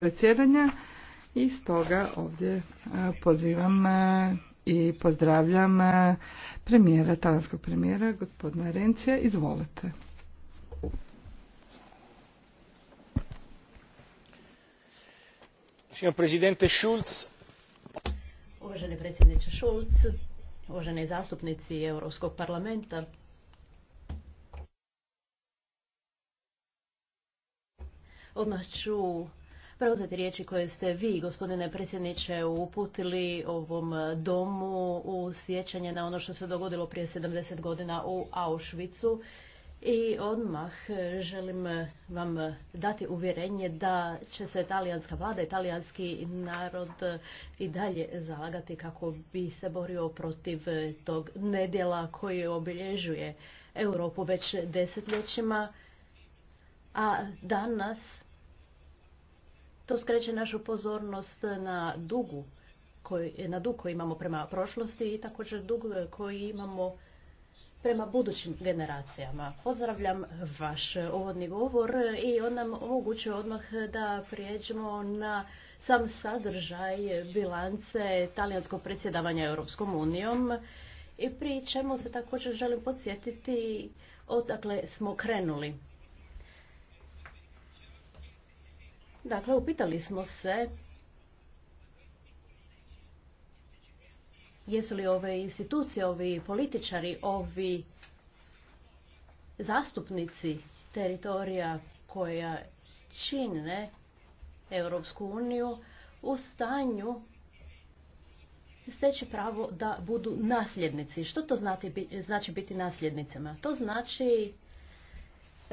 predsjedanja i stoga ovdje pozivam i pozdravljam premijera, talanskog premijera, gospodina Rencija. Izvolite. Presidente Schulz. Uvaženi predsjedniče Schulz, uvaženi zastupnici Europskog parlamenta, odmah ću preuzeti riječi koje ste vi, gospodine predsjedniče, uputili ovom domu u sjećanje na ono što se dogodilo prije 70 godina u Auschwitzu. I odmah želim vam dati uvjerenje da će se talijanska vlada italijanski narod i dalje zalagati kako bi se borio protiv tog nedjela koji obilježuje Europu već desetljećima. A danas to skreće našu pozornost na dugu na dug koji imamo prema prošlosti i također dug koji imamo prema budućim generacijama. Pozdravljam vaš uvodni govor i on nam omogućuje odmah da prijeđemo na sam sadržaj bilance talijanskog predsjedavanja Europskom unijom i pri čemu se također želim podsjetiti odakle smo krenuli. Dakle, upitali smo se jesu li ove institucije, ovi političari, ovi zastupnici teritorija koja čine Europsku uniju u stanju steći pravo da budu nasljednici. Što to znači, znači biti nasljednicama? To znači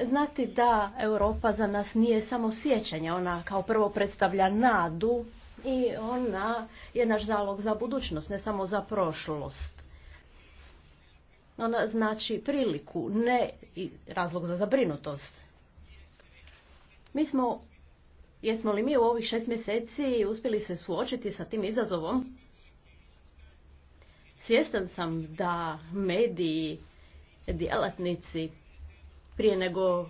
znati da Europa za nas nije samo sjećanje, ona kao prvo predstavlja nadu i ona je naš zalog za budućnost, ne samo za prošlost. Ona znači priliku, ne i razlog za zabrinutost. Mi smo, jesmo li mi u ovih šest mjeseci uspjeli se suočiti sa tim izazovom? Svjestan sam da mediji, djelatnici, prije nego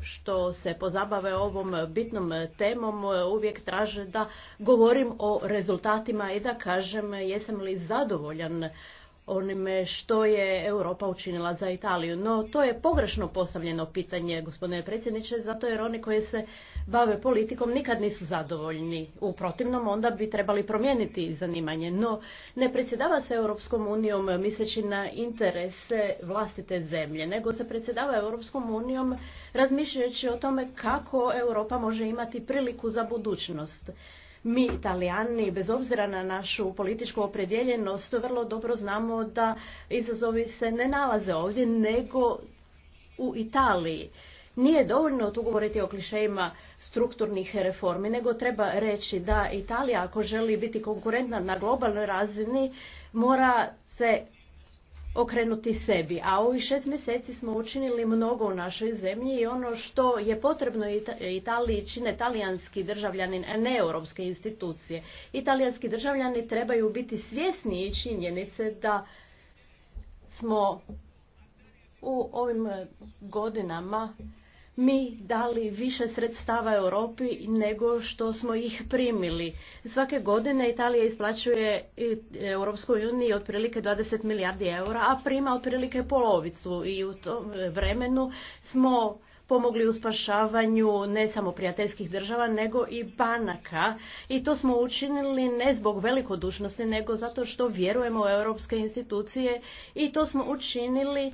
što se pozabave ovom bitnom temom uvijek traže da govorim o rezultatima i da kažem jesam li zadovoljan onime što je Europa učinila za Italiju. No to je pogrešno postavljeno pitanje, gospodine predsjedniče, zato jer oni koji se bave politikom nikad nisu zadovoljni. U protivnom onda bi trebali promijeniti zanimanje. No ne predsjedava se Europskom unijom eh, misleći na interese vlastite zemlje, nego se predsjedava Europskom unijom razmišljajući o tome kako Europa može imati priliku za budućnost. Mi, Italijani, bez obzira na našu političku opredjeljenost, vrlo dobro znamo da izazovi se ne nalaze ovdje, nego u Italiji. Nije dovoljno tu govoriti o klišejima strukturnih reformi, nego treba reći da Italija ako želi biti konkurentna na globalnoj razini mora se okrenuti sebi. A ovih šest mjeseci smo učinili mnogo u našoj zemlji i ono što je potrebno Italiji čine talijanski državljanin, a ne europske institucije. Italijanski državljani trebaju biti svjesni i činjenice da smo u ovim godinama mi dali više sredstava Europi nego što smo ih primili. Svake godine Italija isplaćuje Europskoj uniji otprilike 20 milijardi eura, a prima otprilike polovicu i u tom vremenu smo pomogli u spašavanju ne samo prijateljskih država, nego i banaka. I to smo učinili ne zbog velikodušnosti, nego zato što vjerujemo u europske institucije i to smo učinili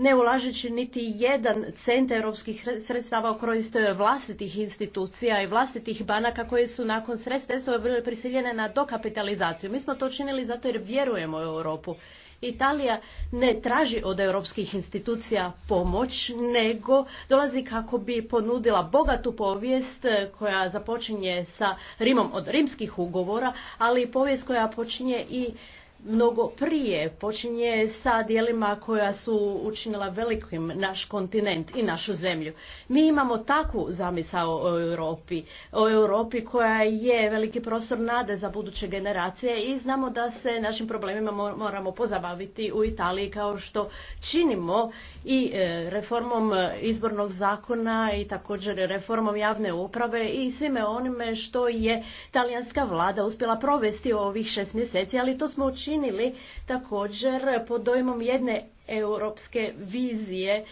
ne ulažeći niti jedan cent europskih sredstava kroz e, vlastitih institucija i vlastitih banaka koje su nakon sredstva e bile prisiljene na dokapitalizaciju. Mi smo to činili zato jer vjerujemo u Europu. Italija ne traži od europskih institucija pomoć, nego dolazi kako bi ponudila bogatu povijest e, koja započinje sa Rimom od rimskih ugovora, ali i povijest koja počinje i mnogo prije, počinje sa dijelima koja su učinila velikim naš kontinent i našu zemlju. Mi imamo takvu zamisao o Europi, o Europi koja je veliki prostor nade za buduće generacije i znamo da se našim problemima moramo pozabaviti u Italiji kao što činimo i e, reformom izbornog zakona i također reformom javne uprave i svime onime što je talijanska vlada uspjela provesti u ovih šest mjeseci, ali to smo učinili učinili također pod dojmom jedne europske vizije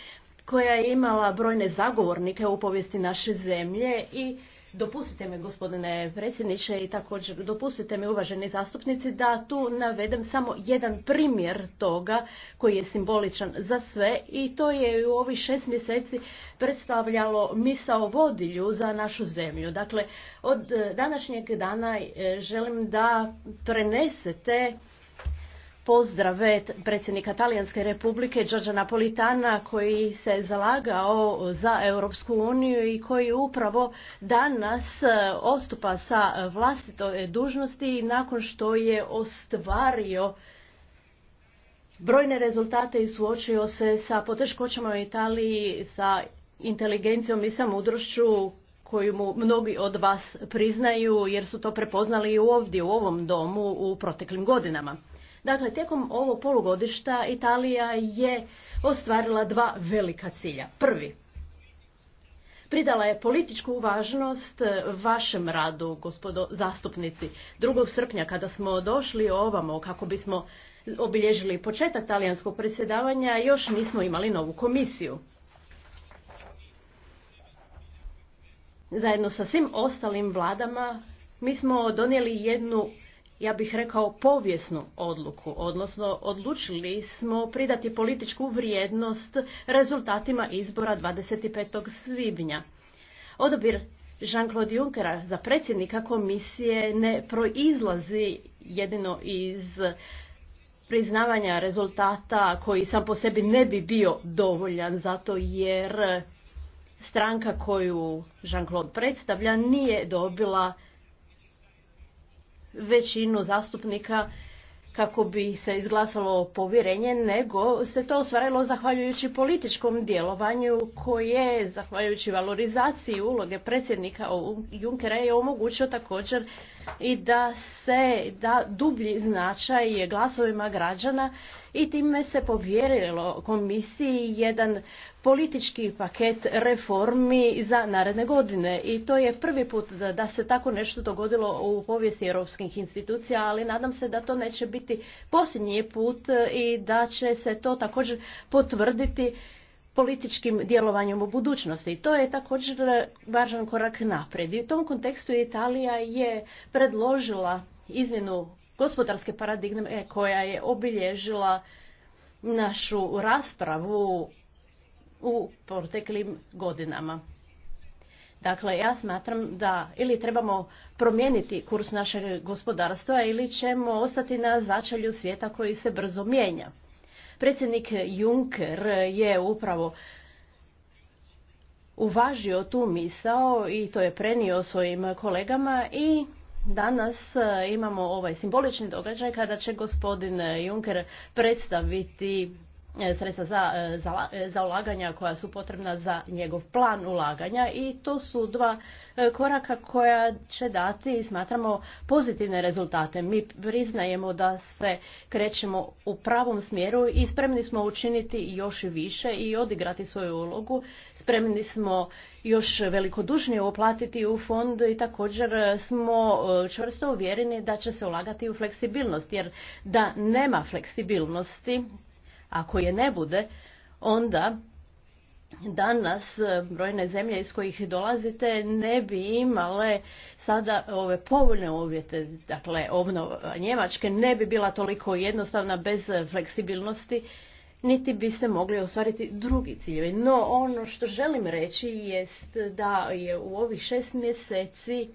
koja je imala brojne zagovornike u povijesti naše zemlje i Dopustite mi, gospodine predsjedniče, i također dopustite mi, uvaženi zastupnici, da tu navedem samo jedan primjer toga koji je simboličan za sve i to je u ovih šest mjeseci predstavljalo misao vodilju za našu zemlju. Dakle, od današnjeg dana e, želim da prenesete pozdrave predsjednika Talijanske republike Đorđa Napolitana koji se zalagao za Europsku uniju i koji upravo danas ostupa sa vlastitoj dužnosti nakon što je ostvario brojne rezultate i suočio se sa poteškoćama u Italiji, sa inteligencijom i mudrošću koju mu mnogi od vas priznaju jer su to prepoznali i ovdje u ovom domu u proteklim godinama. Dakle, tijekom ovo polugodišta Italija je ostvarila dva velika cilja. Prvi, pridala je političku važnost eh, vašem radu, gospodo zastupnici. 2. srpnja kada smo došli ovamo kako bismo obilježili početak talijanskog predsjedavanja, još nismo imali novu komisiju. Zajedno sa svim ostalim vladama mi smo donijeli jednu ja bih rekao povijesnu odluku, odnosno odlučili smo pridati političku vrijednost rezultatima izbora 25. svibnja. Odabir Jean-Claude Junckera za predsjednika komisije ne proizlazi jedino iz priznavanja rezultata koji sam po sebi ne bi bio dovoljan zato jer stranka koju Jean-Claude predstavlja nije dobila većinu zastupnika kako bi se izglasalo povjerenje, nego se to ostvarilo zahvaljujući političkom djelovanju koje, zahvaljujući valorizaciji uloge predsjednika Junkera, je omogućio također i da se da dublji značaj glasovima građana i time se povjerilo komisiji jedan politički paket reformi za naredne godine i to je prvi put da se tako nešto dogodilo u povijesti europskih institucija, ali nadam se da to neće biti posljednji put e, i da će se to također potvrditi političkim djelovanjem u budućnosti. To je također važan korak naprijed. I u tom kontekstu Italija je predložila izmjenu gospodarske paradigme koja je obilježila našu raspravu u proteklim godinama. Dakle, ja smatram da ili trebamo promijeniti kurs našeg gospodarstva ili ćemo ostati na začelju svijeta koji se brzo mijenja. Predsjednik Juncker je upravo uvažio tu misao i to je prenio svojim kolegama i Danas e, imamo ovaj simbolični događaj kada će gospodin Juncker predstaviti E, sredstva za, e, e, za, ulaganja koja su potrebna za njegov plan ulaganja i to su dva koraka koja će dati smatramo pozitivne rezultate. Mi priznajemo da se krećemo u pravom smjeru i spremni smo učiniti još više i odigrati svoju ulogu. Spremni smo još velikodušnije uplatiti u fond i također smo čvrsto uvjereni da će se ulagati u fleksibilnost jer da nema fleksibilnosti ako je ne bude, onda danas e, brojne zemlje iz kojih dolazite ne bi imale sada ove povoljne uvjete, dakle obnova Njemačke ne bi bila toliko jednostavna bez fleksibilnosti, niti bi se mogli ostvariti drugi ciljevi. No ono što želim reći jest da je u ovih šest mjeseci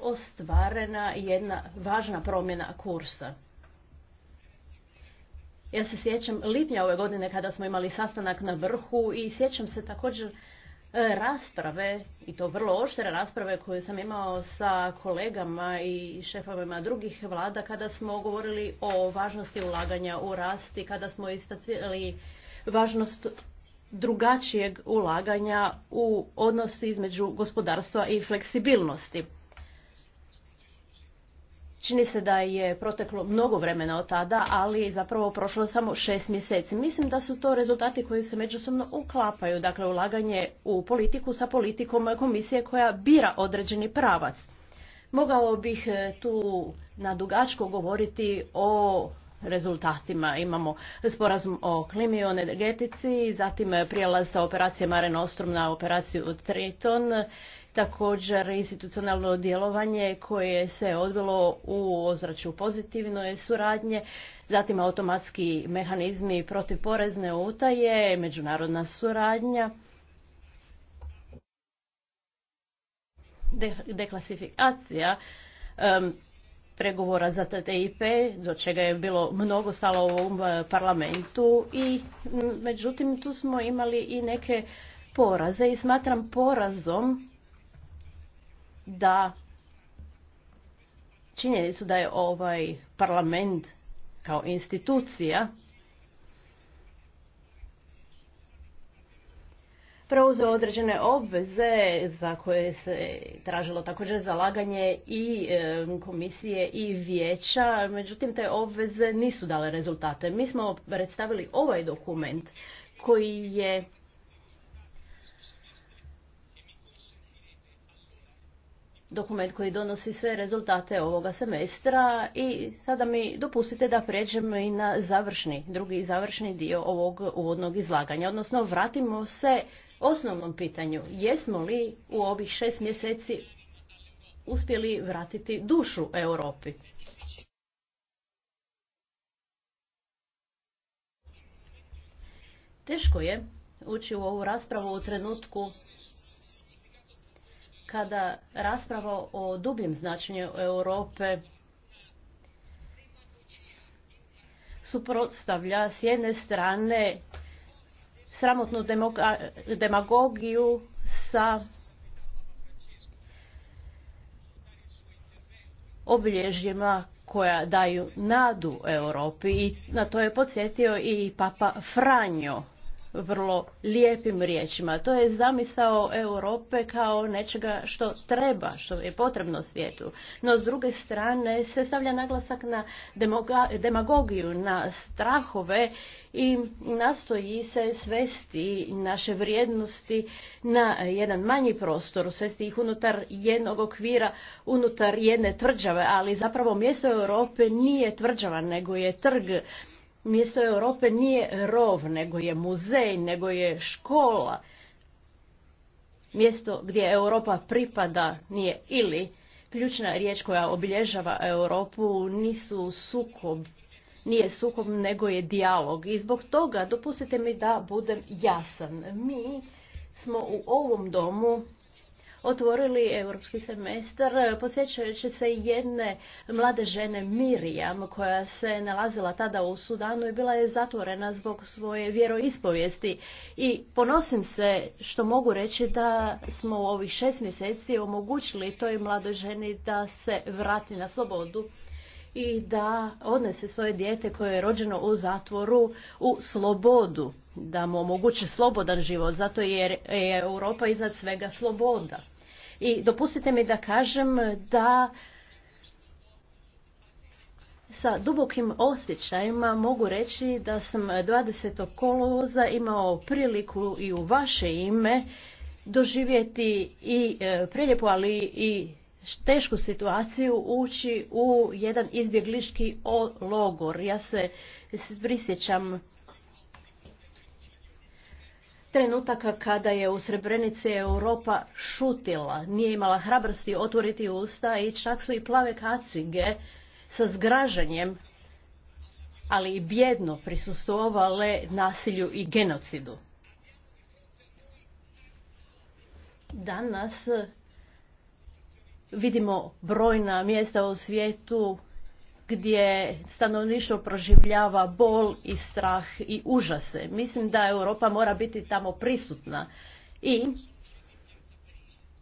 ostvarena jedna važna promjena kursa. Ja se sjećam lipnja ove godine kada smo imali sastanak na vrhu i sjećam se također e, rasprave, i to vrlo oštre rasprave koje sam imao sa kolegama i šefovima drugih vlada kada smo govorili o važnosti ulaganja u rast i kada smo istacili važnost drugačijeg ulaganja u odnosi između gospodarstva i fleksibilnosti. Čini se da je proteklo mnogo vremena od tada, ali zapravo prošlo samo šest mjeseci. Mislim da su to rezultati koji se međusobno uklapaju, dakle ulaganje u politiku sa politikom komisije koja bira određeni pravac. Mogao bih e, tu na dugačko govoriti o rezultatima. Imamo sporazum o klimi, o energetici, zatim prijelaz sa operacije Mare Nostrum na operaciju Triton Također, institucionalno djelovanje koje se odbilo u ozračju pozitivne suradnje, zatim automatski mehanizmi protiv porezne utaje, međunarodna suradnja, deklasifikacija pregovora za TTIP, do čega je bilo mnogo stalo u ovom e, parlamentu i međutim tu smo imali i neke poraze i smatram porazom da su da je ovaj parlament kao institucija preuzeo određene obveze za koje se tražilo također zalaganje i e, komisije i vijeća, međutim te obveze nisu dale rezultate. Mi smo predstavili ovaj dokument koji je dokument koji donosi sve rezultate ovoga semestra i sada mi dopustite da pređemo i na završni, drugi završni dio ovog uvodnog izlaganja, odnosno vratimo se osnovnom pitanju, jesmo li u ovih šest mjeseci uspjeli vratiti dušu Europi? Teško je ući u ovu raspravu u trenutku kada rasprava o dubljem značenju Europe suprotstavlja s jedne strane sramotnu demagogiju sa obilježjima koja daju nadu Europi i na to je podsjetio i papa Franjo vrlo lijepim riječima. To je zamisao Europe kao nečega što treba, što je potrebno svijetu. No s druge strane se stavlja naglasak na demagogiju, na strahove i nastoji se svesti naše vrijednosti na jedan manji prostor, svesti ih unutar jednog okvira, unutar jedne tvrđave, ali zapravo mjesto Europe nije tvrđava, nego je trg mjesto Europe nije rov, nego je muzej, nego je škola. Mjesto gdje Europa pripada nije ili. Ključna riječ koja obilježava Europu nisu sukob, nije sukob, nego je dijalog. I zbog toga dopustite mi da budem jasan. Mi smo u ovom domu otvorili europski semestar. Posjećajući se jedne mlade žene Mirjam koja se nalazila tada u Sudanu i bila je zatvorena zbog svoje vjeroispovijesti. I ponosim se što mogu reći da smo u ovih šest mjeseci omogućili toj mladoj ženi da se vrati na slobodu i da odnese svoje dijete koje je rođeno u zatvoru u slobodu, da mu omoguće slobodan život, zato jer je Europa iznad svega sloboda. I dopustite mi da kažem da sa dubokim osjećajima mogu reći da sam 20. kolovoza imao priliku i u vaše ime doživjeti i e, prelijepu ali i tešku situaciju ući u jedan izbjegliški logor. Ja se prisjećam trenutaka kada je u Srebrenici Europa šutila, nije imala hrabrosti otvoriti usta i čak su i plave kacige sa zgražanjem, ali i bjedno prisustovale nasilju i genocidu. Danas vidimo brojna mjesta u svijetu gdje stanovništvo proživljava bol i strah i užase. Mislim da Europa mora biti tamo prisutna i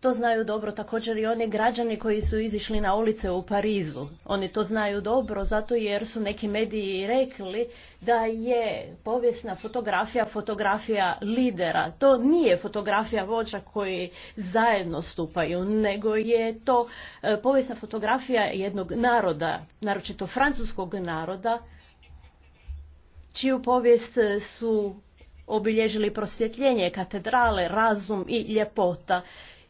to znaju dobro također i oni građani koji su izišli na ulice u Parizu. Oni to znaju dobro zato jer su neki mediji rekli da je povijesna fotografija fotografija lidera. To nije fotografija vođa koji zajedno stupaju, nego je to e, povijesna fotografija jednog naroda, naročito francuskog naroda, čiju povijest su obilježili prosvjetljenje katedrale, razum i ljepota.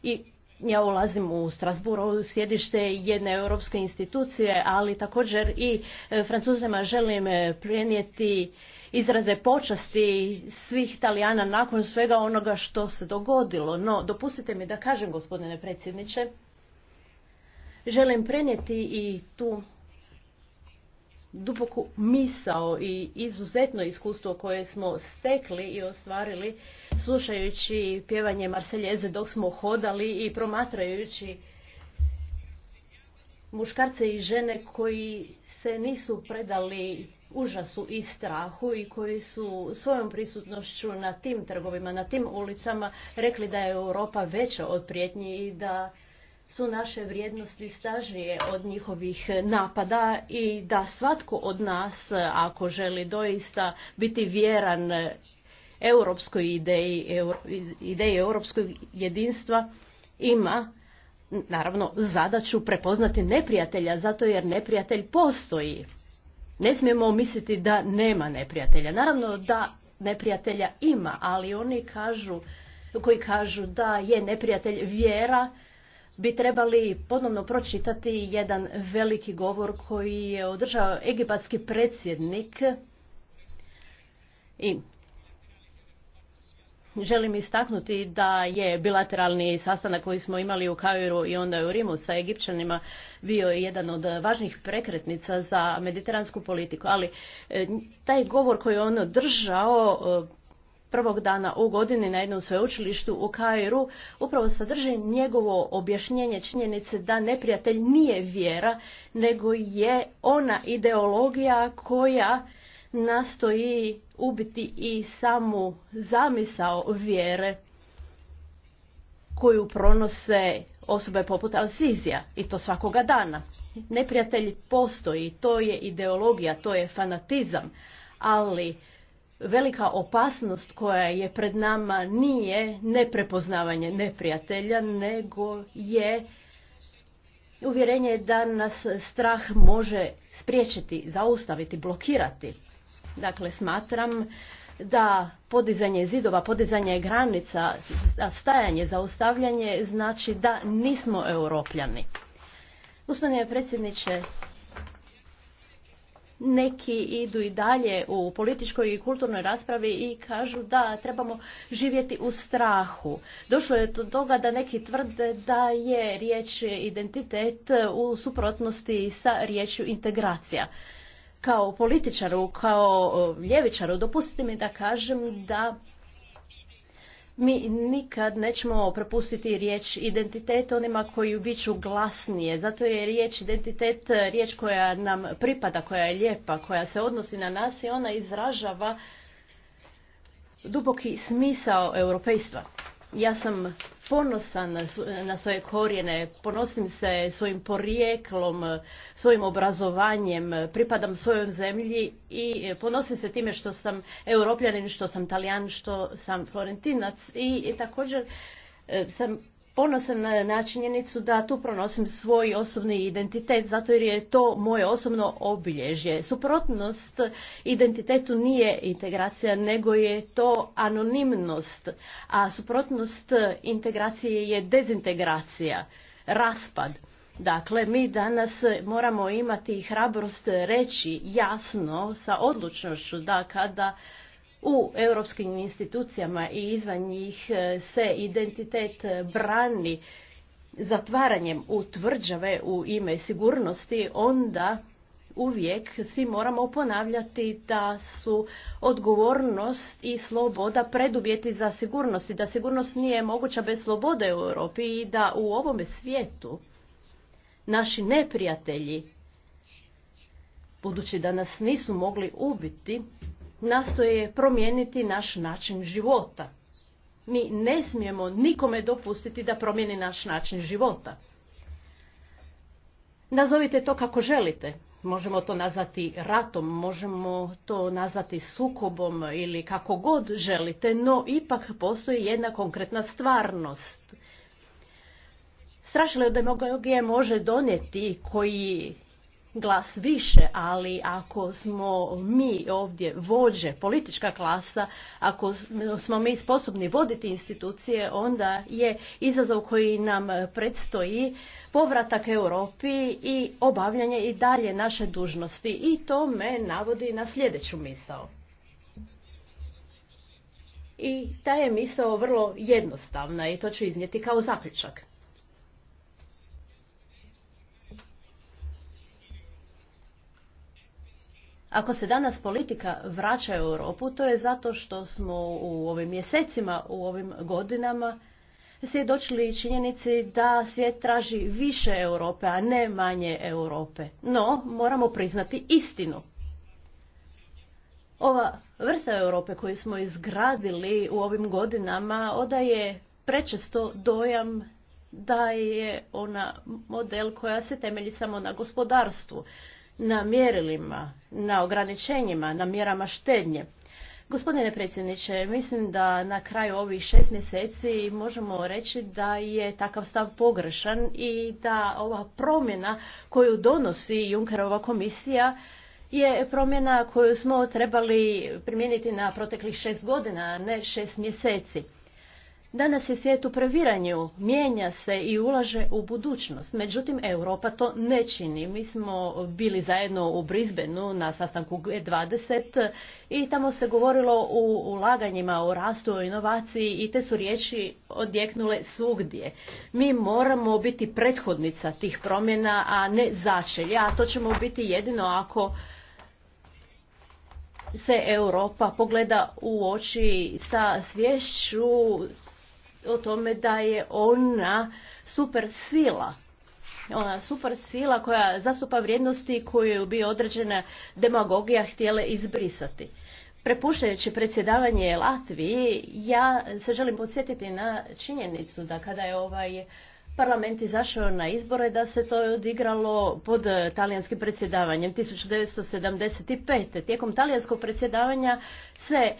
I ja ulazim u Strasburu, sjedište jedne europske institucije, ali također i e, Francuzima želim e, prenijeti izraze počasti svih Italijana nakon svega onoga što se dogodilo. No, dopustite mi da kažem, gospodine predsjedniče, želim prenijeti i tu duboku misao i izuzetno iskustvo koje smo stekli i ostvarili slušajući pjevanje Marseljeze dok smo hodali i promatrajući muškarce i žene koji se nisu predali užasu i strahu i koji su svojom prisutnošću na tim trgovima, na tim ulicama rekli da je Europa veća od prijetnji i da su naše vrijednosti stažije od njihovih napada i da svatko od nas ako želi doista biti vjeran europskoj ideji, ideji europskog jedinstva ima naravno zadaću prepoznati neprijatelja zato jer neprijatelj postoji. Ne smijemo misliti da nema neprijatelja. Naravno da neprijatelja ima, ali oni kažu koji kažu da je neprijatelj vjera bi trebali ponovno pročitati jedan veliki govor koji je održao egipatski predsjednik i Želim istaknuti da je bilateralni sastanak koji smo imali u Kairu i onda u Rimu sa Egipćanima bio jedan od važnih prekretnica za mediteransku politiku, ali e, taj govor koji je on držao e, prvog dana u godini na jednom sveučilištu u Kairu upravo sadrži njegovo objašnjenje činjenice da neprijatelj nije vjera, nego je ona ideologija koja nastoji ubiti i samu zamisao vjere koju pronose osobe poput Alsizija i to svakoga dana. Neprijatelj postoji, to je ideologija, to je fanatizam, ali velika opasnost koja je pred nama nije neprepoznavanje neprijatelja, nego je uvjerenje da nas strah može spriječiti, zaustaviti, blokirati. Dakle, smatram da podizanje zidova, podizanje granica, stajanje, zaustavljanje znači da nismo europljani. Gospodine predsjedniče, neki idu i dalje u političkoj i kulturnoj raspravi i kažu da trebamo živjeti u strahu. Došlo je do toga da neki tvrde da je riječ identitet u suprotnosti sa riječju integracija kao političaru, kao ljevičaru, dopustite mi da kažem da mi nikad nećemo prepustiti riječ identitet onima koji biću glasnije, zato je riječ identitet e, riječ koja nam pripada, koja je lijepa, koja se odnosi na nas i ona izražava duboki smisao europejstva. Ja sam ponosan na svoje korijene, ponosim se svojim porijeklom, svojim obrazovanjem, pripadam svojoj zemlji i e, ponosim se time što sam europljanin, što sam talijan, što sam florentinac i e, također e, sam ponosan na činjenicu da tu pronosim svoj osobni identitet, zato jer je to moje osobno obilježje. Suprotnost identitetu nije integracija, nego je to anonimnost, a suprotnost integracije je dezintegracija, raspad. Dakle, mi danas moramo imati hrabrost reći jasno, sa odlučnošću, da kada u europskim institucijama i izvan njih e, se identitet e, brani zatvaranjem u u ime sigurnosti, onda uvijek svi moramo ponavljati da su odgovornost i sloboda preduvjeti za sigurnost i da sigurnost nije moguća bez slobode u Europi i da u ovome svijetu naši neprijatelji, budući da nas nisu mogli ubiti, nastoje promijeniti naš način života. Mi ne smijemo nikome dopustiti da promijeni naš način života. Nazovite to kako želite. Možemo to nazvati ratom, možemo to nazvati sukobom ili kako god želite, no ipak postoji jedna konkretna stvarnost. Strašna demagogije može donijeti koji glas više, ali ako smo mi ovdje vođe, politička klasa, ako smo mi sposobni voditi institucije, onda je izazov koji nam predstoji povratak Europi i obavljanje i dalje naše dužnosti. I to me navodi na sljedeću misao. I ta je misao vrlo jednostavna i to ću iznijeti kao zaključak. Ako se danas politika vraća u Europu, to je zato što smo u ovim mjesecima, u ovim godinama svjedočili činjenici da svijet traži više Europe, a ne manje Europe. No, moramo priznati istinu. Ova vrsta Europe koju smo izgradili u ovim godinama odaje prečesto dojam da je ona model koja se temelji samo na gospodarstvu na mjerilima, na ograničenjima, na mjerama štednje. Gospodine predsjedniče, mislim da na kraju ovih šest mjeseci možemo reći da je takav stav pogrešan i da ova promjena koju donosi Junkerova komisija je promjena koju smo trebali primijeniti na proteklih šest godina, ne šest mjeseci. Danas je svijet u previranju, mijenja se i ulaže u budućnost. Međutim, Europa to ne čini. Mi smo bili zajedno u Brisbaneu na sastanku G20 i tamo se govorilo o ulaganjima, o rastu, o inovaciji i te su riječi odjeknule svugdje. Mi moramo biti prethodnica tih promjena, a ne začelja. A to ćemo biti jedino ako se Europa pogleda u oči sa svješću o tome da je ona super sila. Ona super sila koja zastupa vrijednosti koju bi određena demagogija htjela izbrisati. Prepuštajući predsjedavanje Latviji, ja se želim posjetiti na činjenicu da kada je ovaj parlament izašao na izbore da se to odigralo pod talijanskim predsjedavanjem 1975. Tijekom talijanskog predsjedavanja se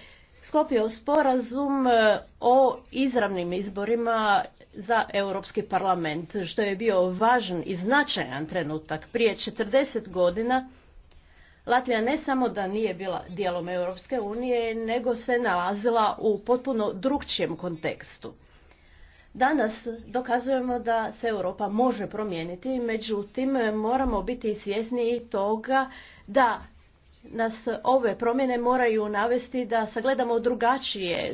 sklopio sporazum e, o izravnim izborima za Europski parlament, što je bio važan i značajan trenutak. Prije 40 godina Latvija ne samo da nije bila dijelom Europske unije, nego se nalazila u potpuno drugčijem kontekstu. Danas dokazujemo da se Europa može promijeniti, međutim moramo biti svjesni i toga da nas ove promjene moraju navesti da sagledamo drugačije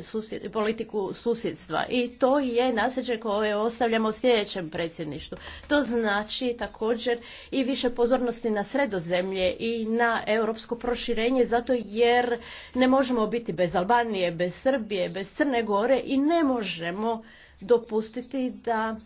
politiku susjedstva i to je nasljeđe koje ostavljamo sljedećem predsjedništvu. To znači također i više pozornosti na sredozemlje i na europsko proširenje zato jer ne možemo biti bez Albanije, bez Srbije, bez Crne Gore i ne možemo dopustiti da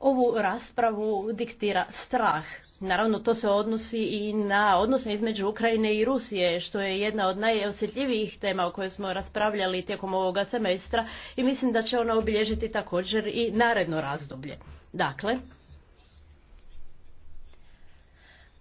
ovu raspravu diktira strah Naravno, to se odnosi i na odnose između Ukrajine i Rusije, što je jedna od najosjetljivijih tema o kojoj smo raspravljali tijekom ovoga semestra i mislim da će ona obilježiti također i naredno razdoblje. Dakle,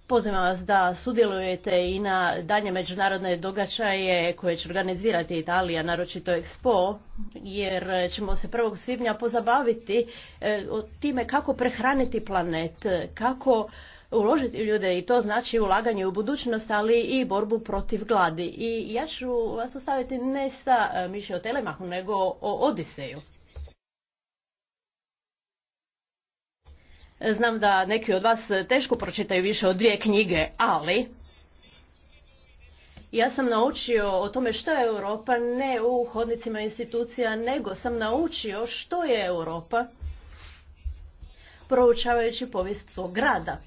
Pozivam vas da sudjelujete i na danje međunarodne događaje koje će organizirati Italija, naročito Expo, jer ćemo se 1. svibnja pozabaviti e, o time kako prehraniti planet, kako uložiti u ljude i to znači ulaganje u budućnost, ali i borbu protiv gladi. I ja ću vas ostaviti ne sa e, miše o Telemahu, nego o Odiseju. E, znam da neki od vas teško pročitaju više od dvije knjige, ali ja sam naučio o tome što je Europa, ne u hodnicima institucija, nego sam naučio što je Europa proučavajući povijest svog grada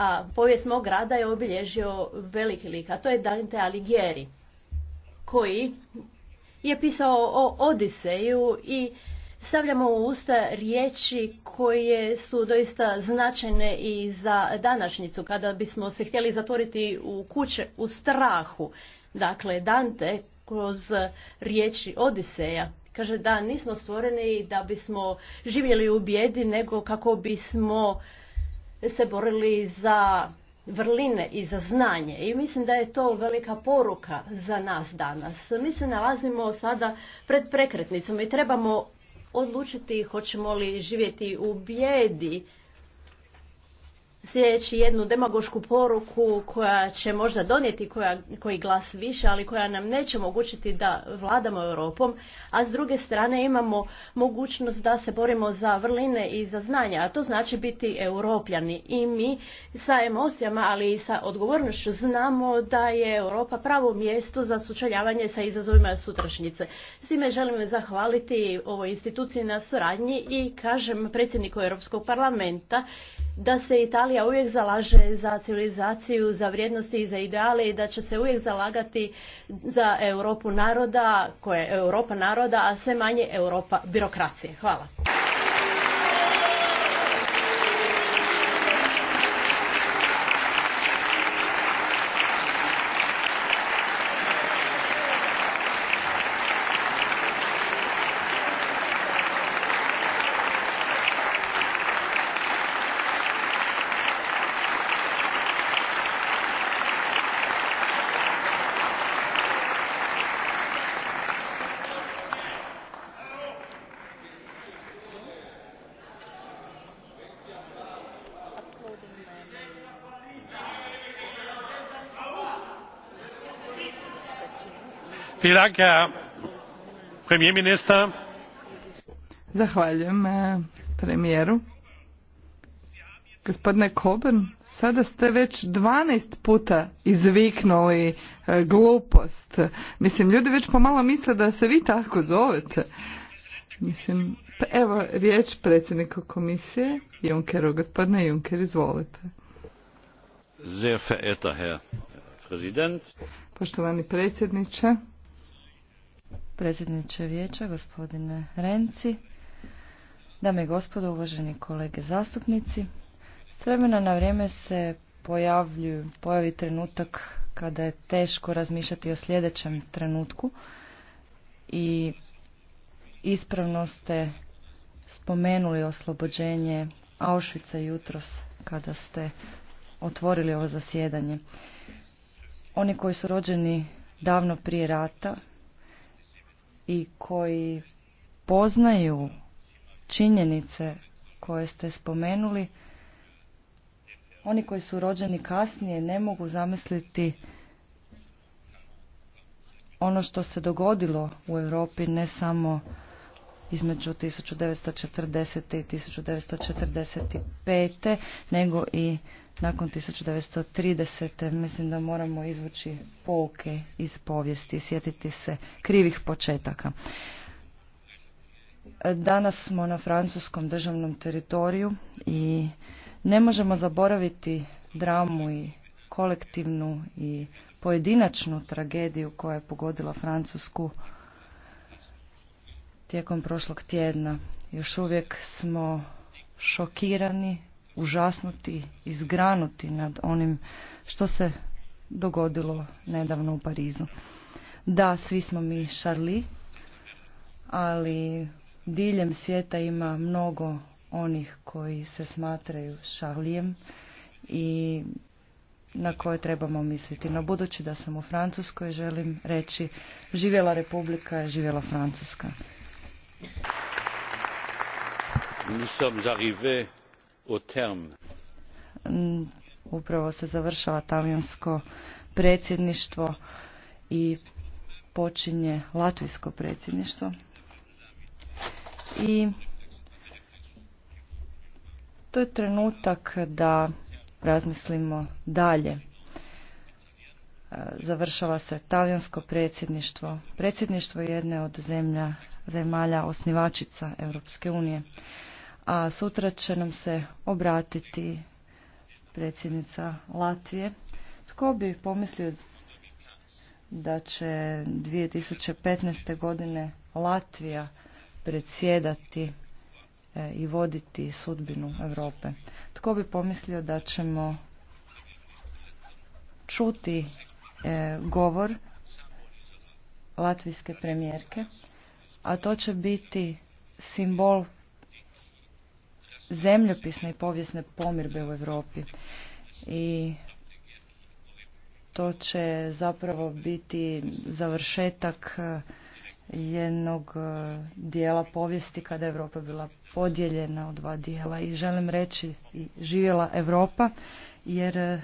a povijest mog grada je obilježio veliki lik, a to je Dante Alighieri, koji je pisao o Odiseju i stavljamo u usta riječi koje su doista značajne i za današnjicu, kada bismo se htjeli zatvoriti u kuće u strahu. Dakle, Dante kroz riječi Odiseja kaže da nismo stvoreni da bismo živjeli u bijedi, nego kako bismo se borili za vrline i za znanje i mislim da je to velika poruka za nas danas. Mi se nalazimo sada pred prekretnicom i trebamo odlučiti hoćemo li živjeti u bijedi sljedeći jednu demagošku poruku koja će možda donijeti koja, koji glas više, ali koja nam neće omogućiti da vladamo Europom, a s druge strane imamo mogućnost da se borimo za vrline i za znanja, a to znači biti europljani. I mi sa emocijama, ali i sa odgovornošću znamo da je Europa pravo mjesto za sučeljavanje sa izazovima sutrašnjice. Svime želim zahvaliti ovoj instituciji na suradnji i kažem predsjedniku Europskog parlamenta da se Italija Italija uvijek zalaže za civilizaciju, za vrijednosti i za ideale i da će se uvijek zalagati za Europu naroda, koja je Europa naroda, a sve manje Europa birokracije. Hvala. Zahvaljujem e, premijeru. Gospodine Coburn, sada ste već 12 puta izviknuli e, glupost. Mislim, ljudi već pomalo misle da se vi tako zovete. Mislim, pa evo riječ predsjedniku komisije Junckeru Gospodine Juncker izvolite. Sehr verehrter Herr Präsident. Poštovani predsjedniče, predsjedniče vijeća, gospodine Renci, dame i gospodo, uvaženi kolege zastupnici. S vremena na vrijeme se pojavlju, pojavi trenutak kada je teško razmišljati o sljedećem trenutku i ispravno ste spomenuli oslobođenje Auschwitza jutros kada ste otvorili ovo zasjedanje. Oni koji su rođeni davno prije rata i koji poznaju činjenice koje ste spomenuli, oni koji su rođeni kasnije ne mogu zamisliti ono što se dogodilo u Europi ne samo između 1940. i 1945. nego i nakon 1930. Mislim da moramo izvući pouke iz povijesti i sjetiti se krivih početaka. Danas smo na francuskom državnom teritoriju i ne možemo zaboraviti dramu i kolektivnu i pojedinačnu tragediju koja je pogodila Francusku tijekom prošlog tjedna. Još uvijek smo šokirani užasnuti izgranuti nad onim što se dogodilo nedavno u Parizu. Da, svi smo mi Charlie, ali diljem svijeta ima mnogo onih koji se smatraju šarlijem i na koje trebamo misliti. No budući da sam u Francuskoj, želim reći živjela Republika, živjela Francuska. Nous sommes arrivés Mm, upravo se završava talijansko predsjedništvo i počinje latvijsko predsjedništvo. I to je trenutak da razmislimo dalje. E, završava se talijansko predsjedništvo, predsjedništvo jedne od zemlja, zemalja osnivačica Europske unije a sutra će nam se obratiti predsjednica Latvije. Tko bi pomislio da će 2015. godine Latvija predsjedati e, i voditi sudbinu Europe. Tko bi pomislio da ćemo čuti e, govor latvijske premijerke, a to će biti simbol zemljopisne i povijesne pomirbe u Europi. I to će zapravo biti završetak e, jednog e, dijela povijesti kada je Europa bila podijeljena u dva dijela i želim reći i živjela Europa jer e,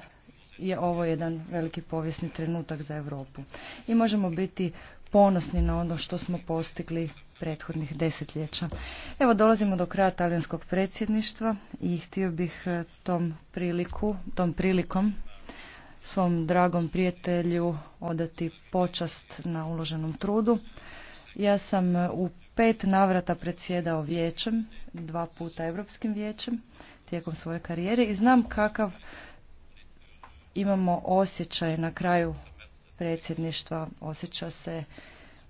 je ovo jedan veliki povijesni trenutak za Europu. I možemo biti ponosni na ono što smo postigli prethodnih desetljeća. Evo dolazimo do kraja talijanskog predsjedništva i htio bih e, tom priliku, tom prilikom svom dragom prijatelju odati počast na uloženom trudu. Ja sam e, u pet navrata predsjedao vijećem, dva puta Europskim vijećem tijekom svoje karijere i znam kakav imamo osjećaj na kraju predsjedništva osjeća se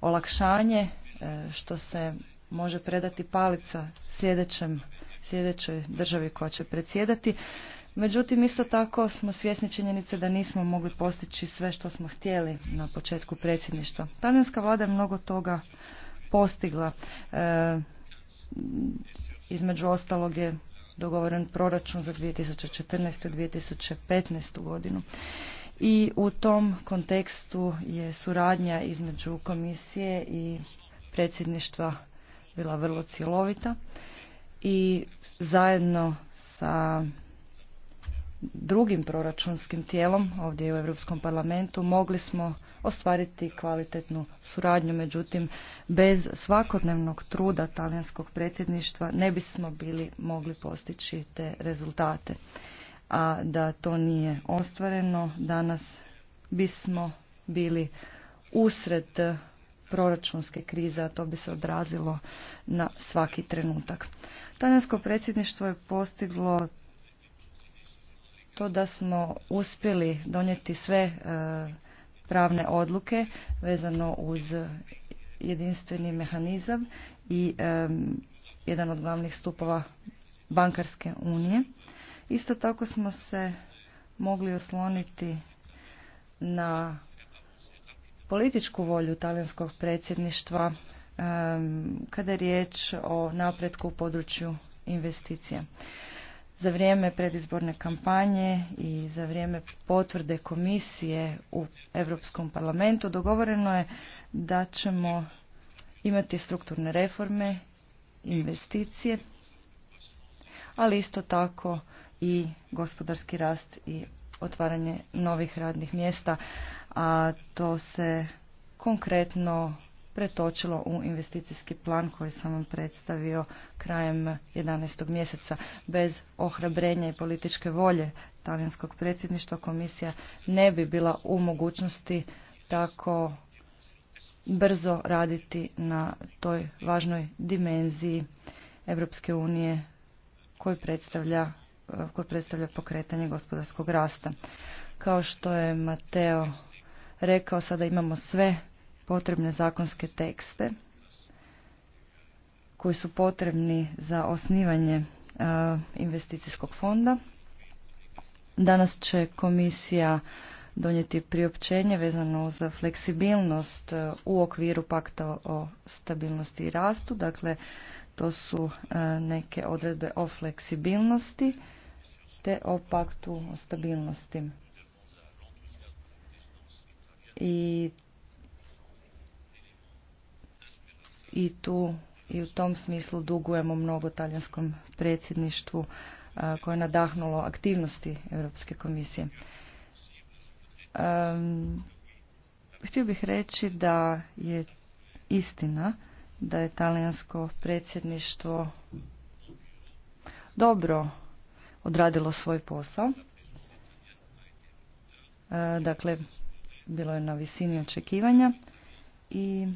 olakšanje e, što se može predati palica sljedećem, sljedećoj državi koja će predsjedati. Međutim, isto tako smo svjesni činjenice da nismo mogli postići sve što smo htjeli na početku predsjedništva. Talijanska vlada je mnogo toga postigla. E, između ostalog je dogovoren proračun za 2014. i 2015. godinu i u tom kontekstu je suradnja između komisije i predsjedništva bila vrlo cjelovita i zajedno sa drugim proračunskim tijelom ovdje u Europskom parlamentu mogli smo ostvariti kvalitetnu suradnju, međutim bez svakodnevnog truda talijanskog predsjedništva ne bismo bili mogli postići te rezultate a da to nije ostvareno, danas bismo bili usred proračunske krize, a to bi se odrazilo na svaki trenutak. Talijansko predsjedništvo je postiglo to da smo uspjeli donijeti sve e, pravne odluke vezano uz jedinstveni mehanizam i jedan od glavnih stupova bankarske unije. Isto tako smo se mogli osloniti na političku volju talijanskog predsjedništva kada je riječ o napretku u području investicija. Za vrijeme predizborne kampanje i za vrijeme potvrde komisije u Europskom parlamentu dogovoreno je da ćemo imati strukturne reforme, investicije, ali isto tako i gospodarski rast i otvaranje novih radnih mjesta, a to se konkretno pretočilo u investicijski plan koji sam vam predstavio krajem 11. mjeseca. Bez ohrabrenja i političke volje talijanskog predsjedništva komisija ne bi bila u mogućnosti tako brzo raditi na toj važnoj dimenziji Europske unije koju predstavlja Eh, koje predstavlja pokretanje gospodarskog rasta. Kao što je Mateo rekao, sada imamo sve potrebne zakonske tekste koji su potrebni za osnivanje eh, investicijskog fonda. Danas će komisija donijeti priopćenje vezano za fleksibilnost eh, u okviru pakta o stabilnosti i rastu. Dakle, to su neke odredbe o fleksibilnosti te o paktu o stabilnosti. I, i tu i u tom smislu dugujemo mnogo talijanskom predsjedništvu koje je nadahnulo aktivnosti Europske komisije. htio bih reći da je istina da je talijansko predsjedništvo dobro odradilo svoj posao. E, dakle, bilo je na visini očekivanja i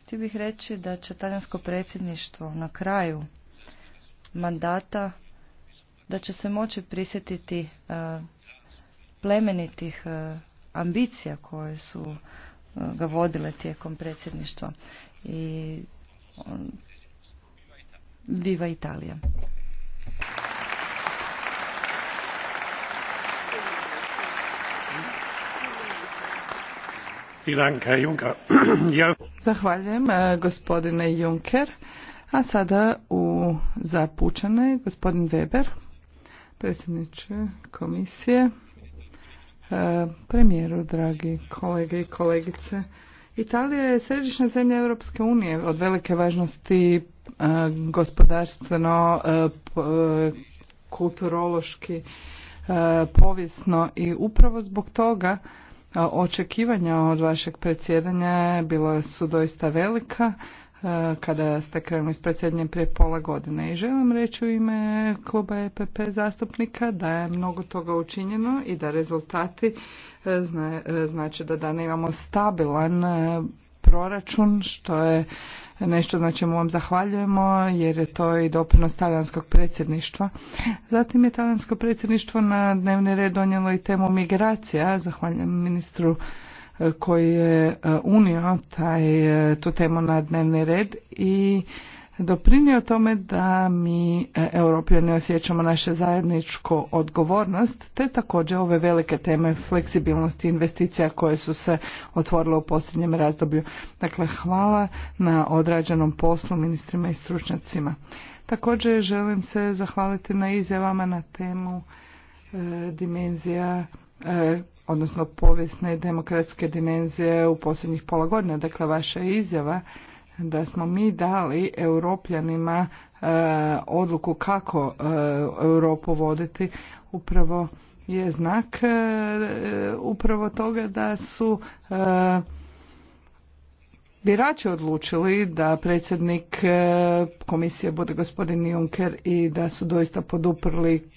htio bih reći da će talijansko predsjedništvo na kraju mandata da će se moći prisjetiti e, plemenitih e, ambicija koje su ga vodile tijekom predsjedništva i Viva Italija. Zahvaljujem e, gospodine Juncker. A sada u zapučene gospodin Weber, predsjedniče komisije, e, premijeru, dragi kolege i kolegice. Italija je središnja zemlja Europske unije od velike važnosti e, gospodarstveno, kulturološki, povijesno i upravo zbog toga Očekivanja od vašeg predsjedanja bila su doista velika e, kada ste krenuli s predsjedanjem prije pola godine. I želim reći u ime kluba EPP zastupnika da je mnogo toga učinjeno i da rezultati znači da dana imamo stabilan proračun što je nešto na čemu vam zahvaljujemo jer je to i doprinos talijanskog predsjedništva. Zatim je talijansko predsjedništvo na dnevni red donijelo i temu migracija. Zahvaljujem ministru e, koji je e, unio taj, e, tu temu na dnevni red i doprinio tome da mi e, europljani osjećamo naše zajedničku odgovornost te također ove velike teme fleksibilnosti investicija koje su se otvorile u posljednjem razdoblju. Dakle, hvala na odrađenom poslu ministrima i stručnjacima. Također želim se zahvaliti na izjavama na temu e, dimenzija e, odnosno povijesne demokratske dimenzije u posljednjih pola godina. Dakle, vaša izjava da smo mi dali europljanima e, odluku kako e, Europu voditi upravo je znak e, upravo toga da su e, birači odlučili da predsjednik komisije bude gospodin Juncker i da su doista poduprli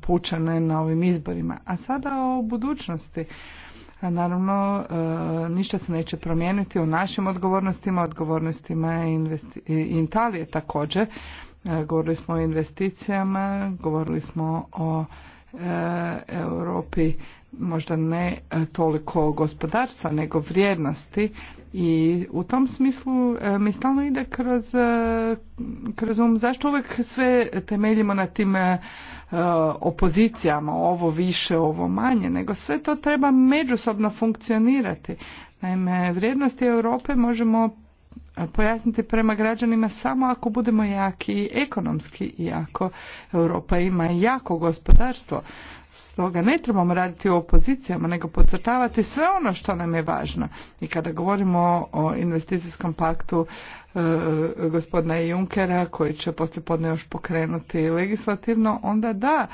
pučane na ovim izborima. A sada o budućnosti. Naravno, e, ništa se neće promijeniti u našim odgovornostima, odgovornostima Italije također. E, govorili smo o investicijama, govorili smo o e, Europi možda ne e, toliko gospodarstva nego vrijednosti i u tom smislu e, mi stalno ide kroz, e, kroz um zašto uvijek sve temeljimo na tim opozicijama ovo više ovo manje nego sve to treba međusobno funkcionirati naime vrijednosti Europe možemo pojasniti prema građanima samo ako budemo jaki ekonomski i ako Europa ima jako gospodarstvo. Stoga ne trebamo raditi u opozicijama, nego podcrtavati sve ono što nam je važno. I kada govorimo o investicijskom paktu e, gospodina Junkera, koji će poslije podne još pokrenuti legislativno, onda da,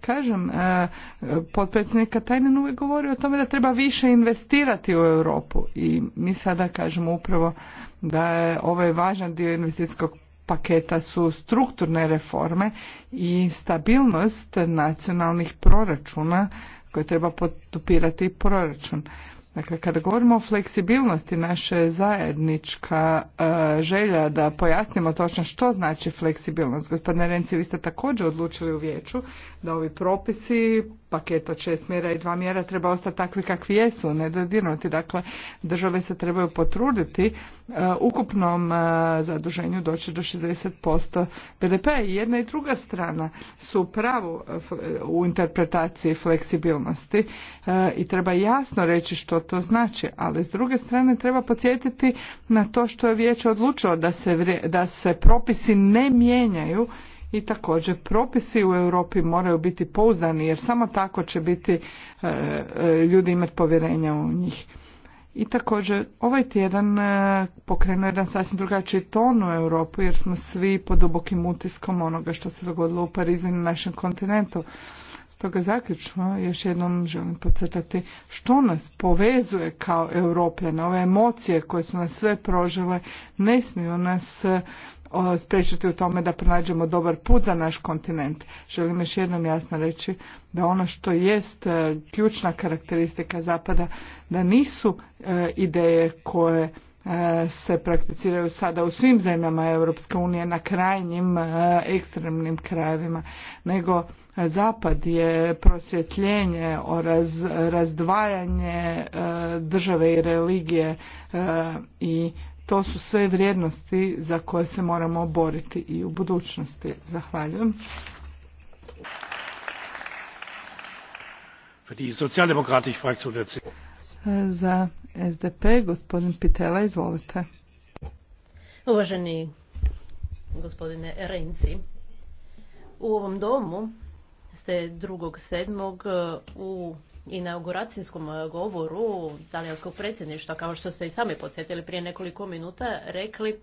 Kažem, e, potpredsjednik Tajnen uvijek govori o tome da treba više investirati u Europu i mi sada kažemo upravo da je ovaj važan dio investicijskog paketa su strukturne reforme i stabilnost nacionalnih proračuna koje treba potupirati proračun. Dakle, kada govorimo o fleksibilnosti, naša je zajednička e, želja da pojasnimo točno što znači fleksibilnost. Gospodine Renci, vi ste također odlučili u vijeću da ovi propisi paketa od šest mjera i dva mjera treba ostati takvi kakvi jesu, ne Dakle, države se trebaju potruditi e, ukupnom e, zaduženju doći do 60% BDP. I jedna i druga strana su pravu e, u interpretaciji fleksibilnosti i treba jasno reći što to znači, ali s druge strane treba podsjetiti na to što je vijeće odlučilo da se, da se propisi ne mijenjaju i također propisi u Europi moraju biti pouzdani jer samo tako će biti e, e, ljudi imati povjerenja u njih. I također ovaj tjedan e, pokrenuo jedan sasvim drugačiji ton u Europu jer smo svi pod dubokim utiskom onoga što se dogodilo u Parizu i na našem kontinentu. Stoga zaključno još jednom želim podcrtati što nas povezuje kao europljane, ove emocije koje su nas sve prožile ne smiju nas spriječiti u tome da pronađemo dobar put za naš kontinent. Želim još jednom jasno reći da ono što jest e, ključna karakteristika Zapada da nisu e, ideje koje e, se prakticiraju sada u svim zemljama Europske unije na krajnjim ekstremnim krajevima, nego Zapad je prosvjetljenje, raz, razdvajanje države i religije i to su sve vrijednosti za koje se moramo boriti i u budućnosti. Zahvaljujem. Za SDP, gospodin Pitela, izvolite. Uvaženi gospodine Renci, u ovom domu ste 2.7. u inauguracijskom e, govoru talijanskog predsjedništva, kao što ste i sami podsjetili prije nekoliko minuta, rekli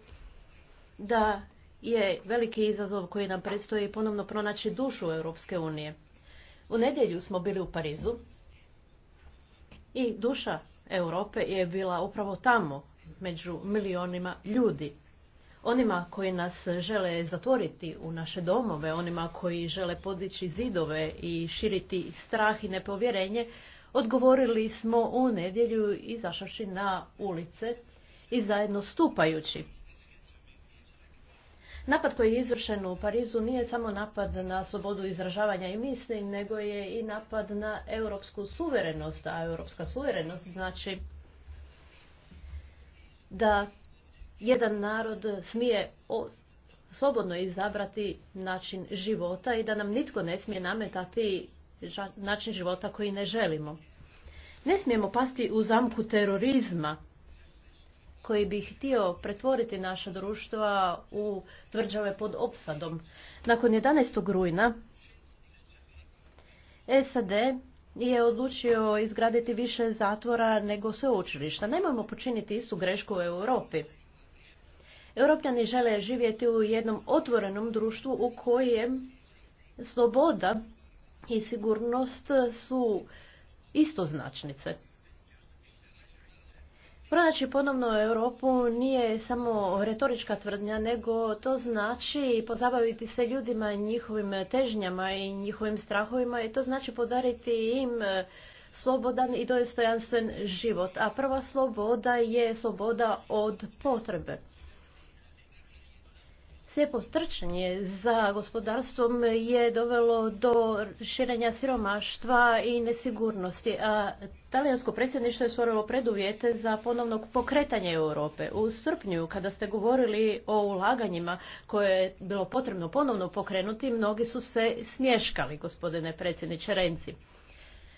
da je veliki izazov koji nam predstoji ponovno pronaći dušu Europske unije. U nedjelju smo bili u Parizu i duša Europe je bila upravo tamo, među milionima ljudi onima koji nas žele zatvoriti u naše domove, onima koji žele podići zidove i širiti strah i nepovjerenje, odgovorili smo u nedjelju izašavši na ulice i zajedno stupajući. Napad koji je izvršen u Parizu nije samo napad na slobodu izražavanja i misli, nego je i napad na europsku suverenost, a europska suverenost znači da jedan narod smije slobodno izabrati način života i da nam nitko ne smije nametati način života koji ne želimo. Ne smijemo pasti u zamku terorizma koji bi htio pretvoriti naša društva u tvrđave pod opsadom. Nakon 11. rujna SAD je odlučio izgraditi više zatvora nego sveučilišta. Nemojmo počiniti istu grešku u Europi. Europljani žele živjeti u jednom otvorenom društvu u kojem sloboda i sigurnost su istoznačnice. Pronaći ponovno Europu nije samo retorička tvrdnja, nego to znači pozabaviti se ljudima, njihovim težnjama i njihovim strahovima i to znači podariti im e, slobodan i dostojanstven život. A prva sloboda je sloboda od potrebe. Slijepo trčanje za gospodarstvom je dovelo do širenja siromaštva i nesigurnosti, a talijansko predsjedništvo je stvorilo preduvjete za ponovno pokretanje Europe. U srpnju, kada ste govorili o ulaganjima koje je bilo potrebno ponovno pokrenuti, mnogi su se smješkali, gospodine predsjedniče Renci.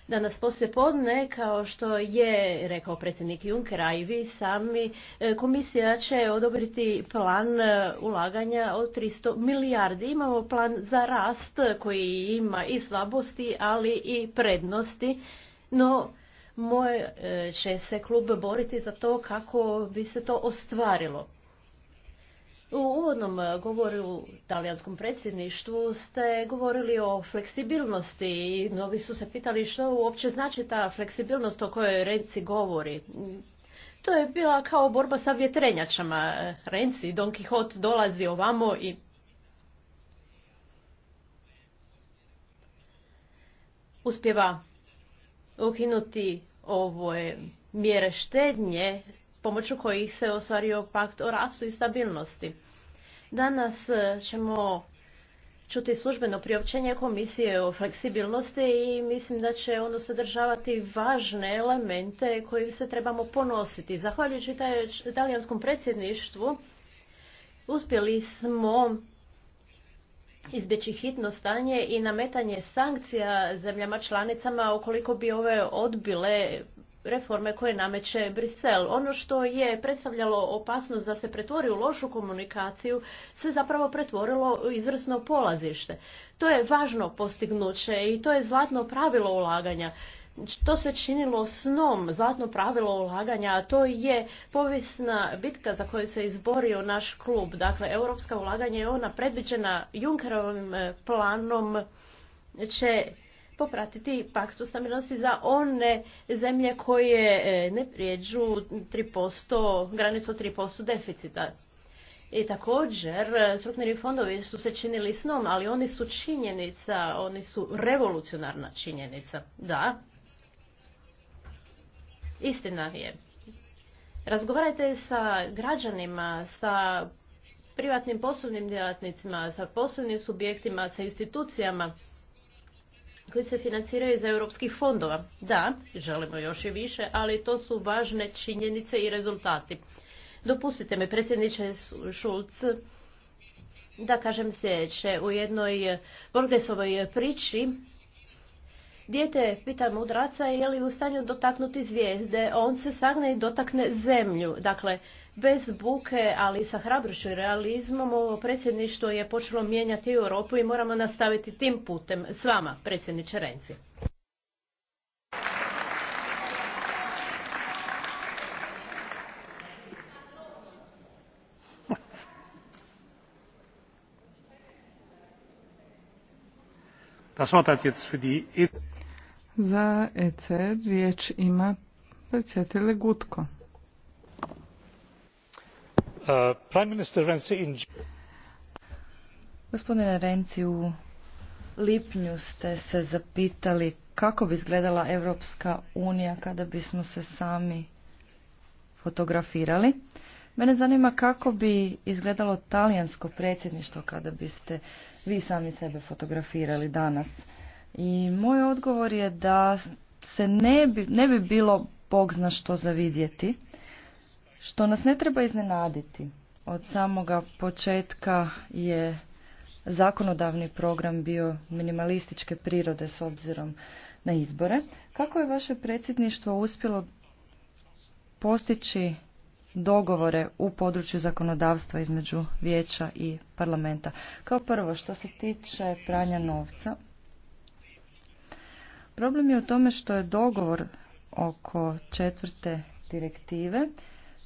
Danas poslije podne, kao što je rekao predsjednik Juncker, a i vi sami, e, komisija će odobriti plan e, ulaganja od 300 milijardi. Imamo plan za rast koji ima i slabosti, ali i prednosti, no moj e, će se klub boriti za to kako bi se to ostvarilo. U uvodnom e, govoru talijanskom predsjedništvu ste govorili o fleksibilnosti i mnogi su se pitali što uopće znači ta fleksibilnost o kojoj Renci govori. To je bila kao borba sa vjetrenjačama. Renci, Don Quixote dolazi ovamo i uspjeva ukinuti ove mjere štednje pomoću kojih se ostvario pakt o rastu i stabilnosti. Danas e, ćemo čuti službeno priopćenje komisije o fleksibilnosti i mislim da će ono sadržavati važne elemente koji se trebamo ponositi. Zahvaljujući talijanskom predsjedništvu uspjeli smo izbjeći hitno stanje i nametanje sankcija zemljama članicama ukoliko bi ove odbile reforme koje nameće Brisel. Ono što je predstavljalo opasnost da se pretvori u lošu komunikaciju se zapravo pretvorilo u izvrsno polazište. To je važno postignuće i to je zlatno pravilo ulaganja. To se činilo snom, zlatno pravilo ulaganja, a to je povijesna bitka za koju se izborio naš klub. Dakle, europska ulaganja je ona predviđena Junkerovim eh, planom će popratiti paktu stabilnosti za one zemlje koje e, ne prijeđu 3%, granicu 3% deficita. I također, e, strukturni fondovi su se činili snom, ali oni su činjenica, oni su revolucionarna činjenica. Da, istina je. Razgovarajte sa građanima, sa privatnim poslovnim djelatnicima, sa poslovnim subjektima, sa institucijama koji se financiraju iz europskih fondova. Da, želimo još i više, ali to su važne činjenice i rezultati. Dopustite me, predsjedniče Šulc, da kažem sljedeće. U jednoj Borgesovoj priči Dijete pita mudraca je li u stanju dotaknuti zvijezde. On se sagne i dotakne zemlju. Dakle, bez buke, ali sa hrabrošću realizmom ovo predsjedništvo je počelo mijenjati Europu i moramo nastaviti tim putem s vama, predsjedniče Renzi. Das e- Za ECR riječ ima predsjedatelj Gutko. Uh, Gospodine Renzi, u lipnju ste se zapitali kako bi izgledala Europska unija kada bismo se sami fotografirali. Mene zanima kako bi izgledalo talijansko predsjedništvo kada biste vi sami sebe fotografirali danas. I moj odgovor je da se ne bi, ne bi bilo Bog zna što zavidjeti što nas ne treba iznenaditi. Od samoga početka je zakonodavni program bio minimalističke prirode s obzirom na izbore. Kako je vaše predsjedništvo uspjelo postići dogovore u području zakonodavstva između vijeća i parlamenta? Kao prvo, što se tiče pranja novca, problem je u tome što je dogovor oko četvrte direktive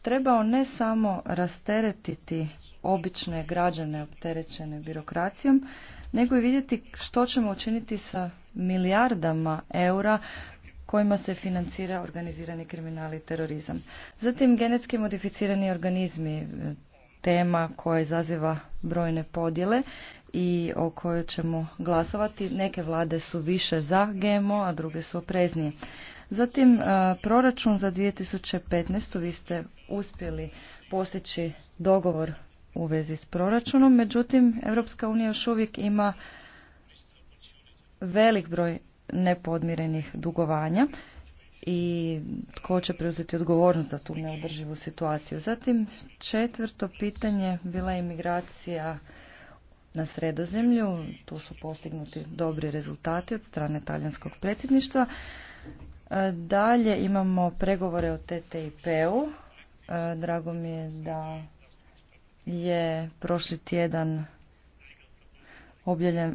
trebao ne samo rasteretiti obične građane opterećene birokracijom, nego i vidjeti što ćemo učiniti sa milijardama eura kojima se financira organizirani kriminal i terorizam. Zatim genetski modificirani organizmi, tema koja izaziva brojne podjele i o kojoj ćemo glasovati. Neke vlade su više za GMO, a druge su opreznije. Zatim, e, proračun za 2015. vi ste uspjeli postići dogovor u vezi s proračunom, međutim, Europska unija još uvijek ima velik broj nepodmirenih dugovanja i tko će preuzeti odgovornost za tu neodrživu situaciju. Zatim, četvrto pitanje bila je imigracija na sredozemlju, tu su postignuti dobri rezultati od strane talijanskog predsjedništva, Dalje imamo pregovore o TTIP-u. E, drago mi je da je prošli tjedan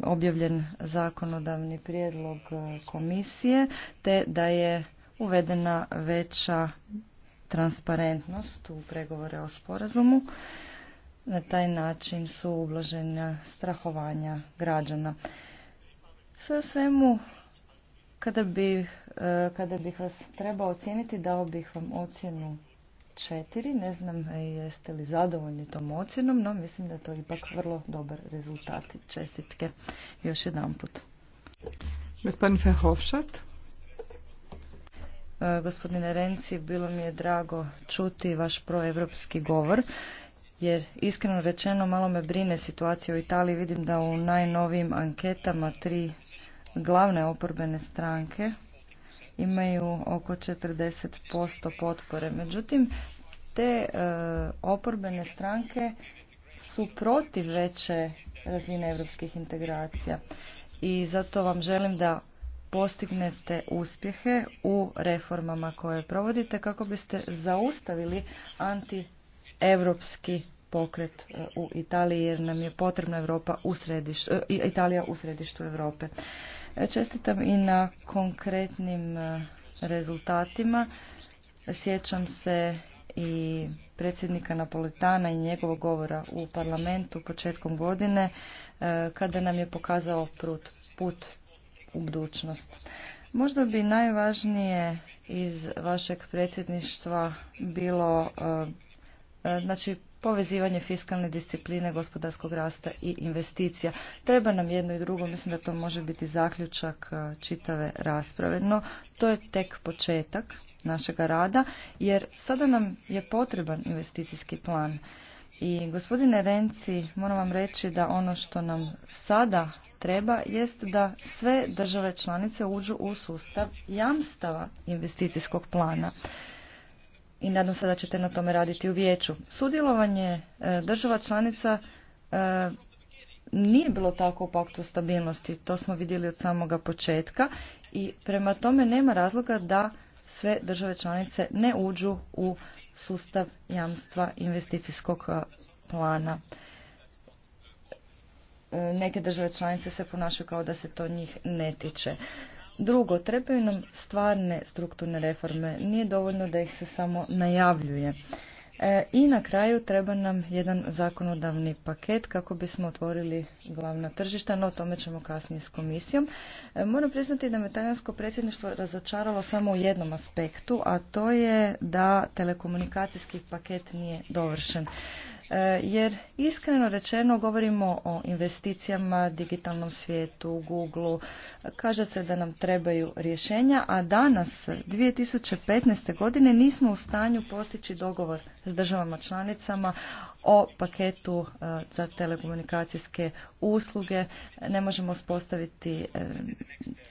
objavljen, zakonodavni prijedlog e, komisije te da je uvedena veća transparentnost u pregovore o sporazumu. Na taj način su ublažena strahovanja građana. Sve o svemu kada bih, e, kada bih vas trebao ocijeniti, dao bih vam ocjenu četiri. Ne znam e, jeste li zadovoljni tom ocjenom, no mislim da je to ipak vrlo dobar rezultat. Čestitke još jedan put. Gospodin Fehovšat. E, gospodine Renci, bilo mi je drago čuti vaš proevropski govor, jer iskreno rečeno malo me brine situacija u Italiji. Vidim da u najnovijim anketama tri glavne oporbene stranke imaju oko 40% potpore. Međutim, te e, oporbene stranke su protiv veće razine europskih integracija i zato vam želim da postignete uspjehe u reformama koje provodite kako biste zaustavili anti-evropski pokret e, u Italiji jer nam je potrebna Europa u središtu, e, Italija u središtu Europe. Čestitam i na konkretnim e, rezultatima. Sjećam se i predsjednika Napolitana i njegovog govora u parlamentu početkom godine e, kada nam je pokazao put u budućnost. Možda bi najvažnije iz vašeg predsjedništva bilo e, znači povezivanje fiskalne discipline, gospodarskog rasta i investicija. Treba nam jedno i drugo, mislim da to može biti zaključak e, čitave rasprave, no to je tek početak našega rada, jer sada nam je potreban investicijski plan. I gospodine Renci, moram vam reći da ono što nam sada treba jest da sve države članice uđu u sustav jamstava investicijskog plana i nadam se da ćete na tome raditi u vijeću. Sudjelovanje e, država članica e, nije bilo tako u paktu stabilnosti, to smo vidjeli od samoga početka i prema tome nema razloga da sve države članice ne uđu u sustav jamstva investicijskog e, plana. Neke države članice se ponašaju kao da se to njih ne tiče. Drugo, trebaju nam stvarne strukturne reforme. Nije dovoljno da ih se samo najavljuje. E, I na kraju treba nam jedan zakonodavni paket kako bismo otvorili glavna tržišta, no o tome ćemo kasnije s komisijom. E, moram priznati da me talijansko predsjedništvo razočaralo samo u jednom aspektu, a to je da telekomunikacijski paket nije dovršen. E, jer iskreno rečeno govorimo o investicijama, digitalnom svijetu, Google, kaže se da nam trebaju rješenja, a danas 2015. godine nismo u stanju postići dogovor s državama članicama o paketu e, za telekomunikacijske usluge, ne možemo uspostaviti e,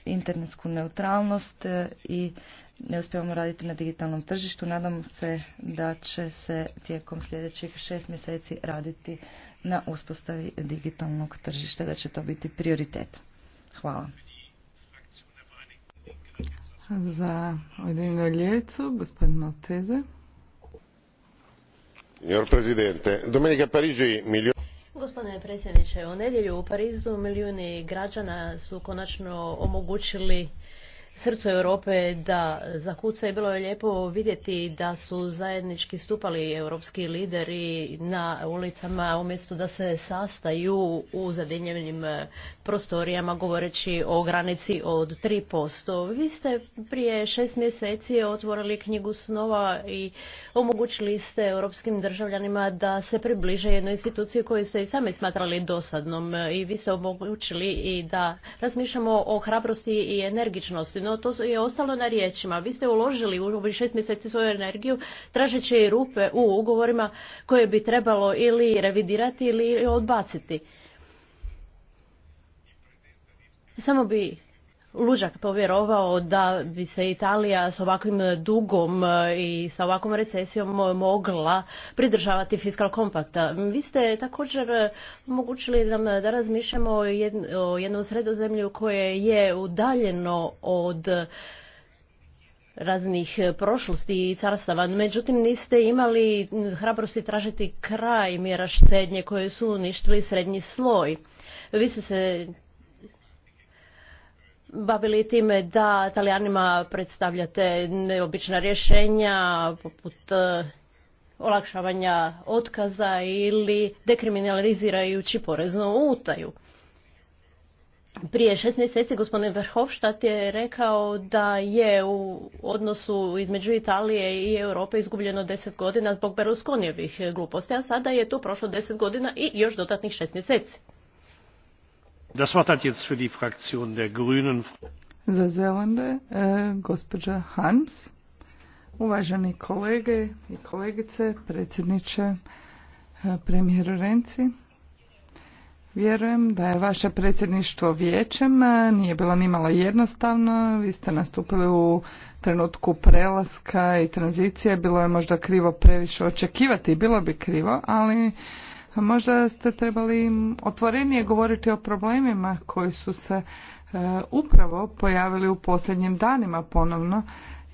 internetsku neutralnost i ne uspijemo raditi na digitalnom tržištu. Nadam se da će se tijekom sljedećih šest mjeseci raditi na uspostavi digitalnog tržišta, da će to biti prioritet. Hvala. Za Malteze. domenica Parigi Gospodine predsjedniče, u nedjelju u Parizu milijuni građana su konačno omogućili srcu Europe da zakuca i bilo je lijepo vidjeti da su zajednički stupali europski lideri na ulicama umjesto da se sastaju u zadinjenim eh, prostorijama govoreći o granici od 3%. Vi ste prije šest mjeseci otvorili knjigu snova i omogućili ste europskim državljanima da se približe jednoj instituciji koju ste i sami smatrali dosadnom e, i vi ste omogućili i da razmišljamo o hrabrosti i energičnosti. No to je ostalo na riječima. Vi ste uložili u ovih šest mjeseci svoju energiju tražeći rupe u ugovorima koje bi trebalo ili revidirati ili odbaciti. Samo bi luđak povjerovao da bi se Italija s ovakvim dugom e, i sa ovakvom recesijom mogla pridržavati fiskal kompakta. Vi ste također e, omogućili nam da razmišljamo o, jednom sredozemlju koje je udaljeno od raznih prošlosti i carstava. Međutim, niste imali hrabrosti tražiti kraj mjera štednje koje su uništili srednji sloj. Vi ste se bavili time da Italijanima predstavljate neobična rješenja poput e, olakšavanja otkaza ili dekriminalizirajući poreznu utaju. Prije šest mjeseci gospodin Verhofstadt je rekao da je u odnosu između Italije i Europe izgubljeno deset godina zbog Berlusconijevih gluposti, a sada je tu prošlo deset godina i još dodatnih šest mjeseci. Za e, gospođa Hans, Uvaženi kolege i kolegice, predsjedniče, e, premijeru Renzi. Vjerujem da je vaše predsjedništvo vijećem, e, nije bilo nimalo jednostavno, vi ste nastupili u trenutku prelaska i tranzicije, bilo je možda krivo previše očekivati, bilo bi krivo, ali pa možda ste trebali otvorenije govoriti o problemima koji su se e, upravo pojavili u posljednjim danima ponovno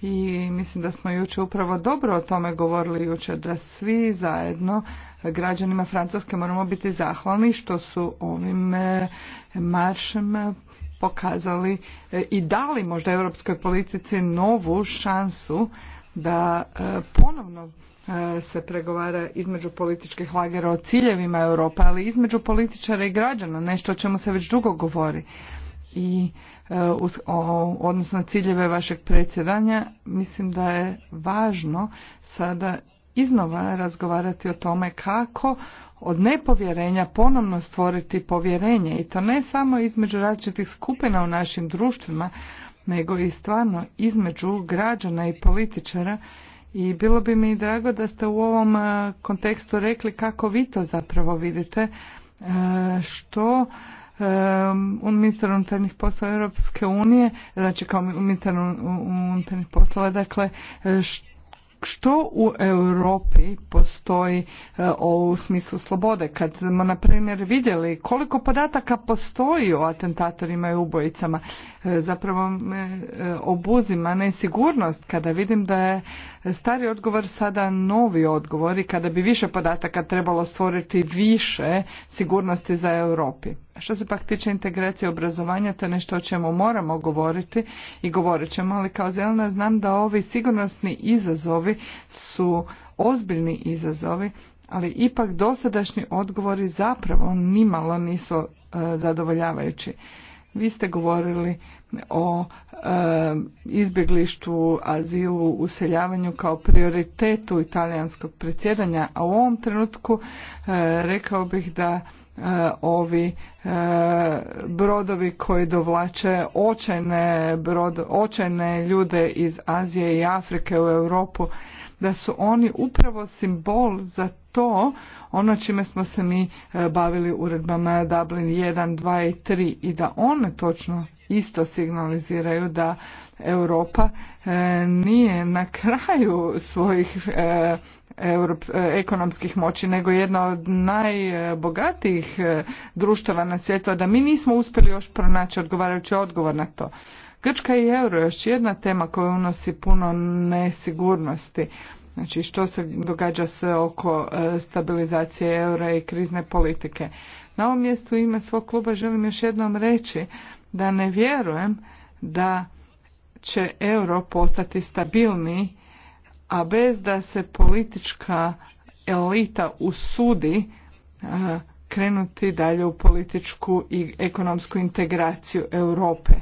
i mislim da smo jučer upravo dobro o tome govorili jučer da svi zajedno građanima Francuske moramo biti zahvalni što su ovim e, maršem pokazali e, i dali možda europskoj politici novu šansu da ponovno E, se pregovara između političkih lagera o ciljevima Europa, ali između političara i građana, nešto o čemu se već dugo govori. I e, odnosno ciljeve vašeg predsjedanja, mislim da je važno sada iznova razgovarati o tome kako od nepovjerenja ponovno stvoriti povjerenje i to ne samo između različitih skupina u našim društvima, nego i stvarno između građana i političara i bilo bi mi drago da ste u ovom e, kontekstu rekli kako vi to zapravo vidite, e, što e, ministar unutarnjih poslova Europske unije, znači kao ministar unutarnjih poslova, dakle što u Europi postoji u smislu slobode? Kad smo, na primjer, vidjeli koliko podataka postoji o atentatorima i ubojicama, zapravo me e, obuzima nesigurnost kada vidim da je stari odgovor sada novi odgovor i kada bi više podataka trebalo stvoriti više sigurnosti za Europi. Što se pak tiče integracije obrazovanja, to je nešto o čemu moramo govoriti i govorit ćemo, ali kao zelena znam da ovi sigurnosni izazovi su ozbiljni izazovi, ali ipak dosadašnji odgovori zapravo nimalo nisu e, zadovoljavajući. Vi ste govorili o e, izbjeglištu, azilu, useljavanju kao prioritetu italijanskog predsjedanja, a u ovom trenutku e, rekao bih da e, ovi e, brodovi koji dovlače očajne, očajne ljude iz Azije i Afrike u Europu da su oni upravo simbol za to ono čime smo se mi e, bavili uredbama Dublin 1, 2 i 3 i da one točno isto signaliziraju da Europa e, nije na kraju svojih e, ekonomskih moći nego jedna od najbogatijih društava na svijetu, a da mi nismo uspjeli još pronaći odgovarajući odgovor na to. Grčka i euro je još jedna tema koja unosi puno nesigurnosti. Znači što se događa sve oko e, stabilizacije eura i krizne politike. Na ovom mjestu ime svog kluba želim još jednom reći da ne vjerujem da će euro postati stabilniji, a bez da se politička elita usudi e, krenuti dalje u političku i ekonomsku integraciju Europe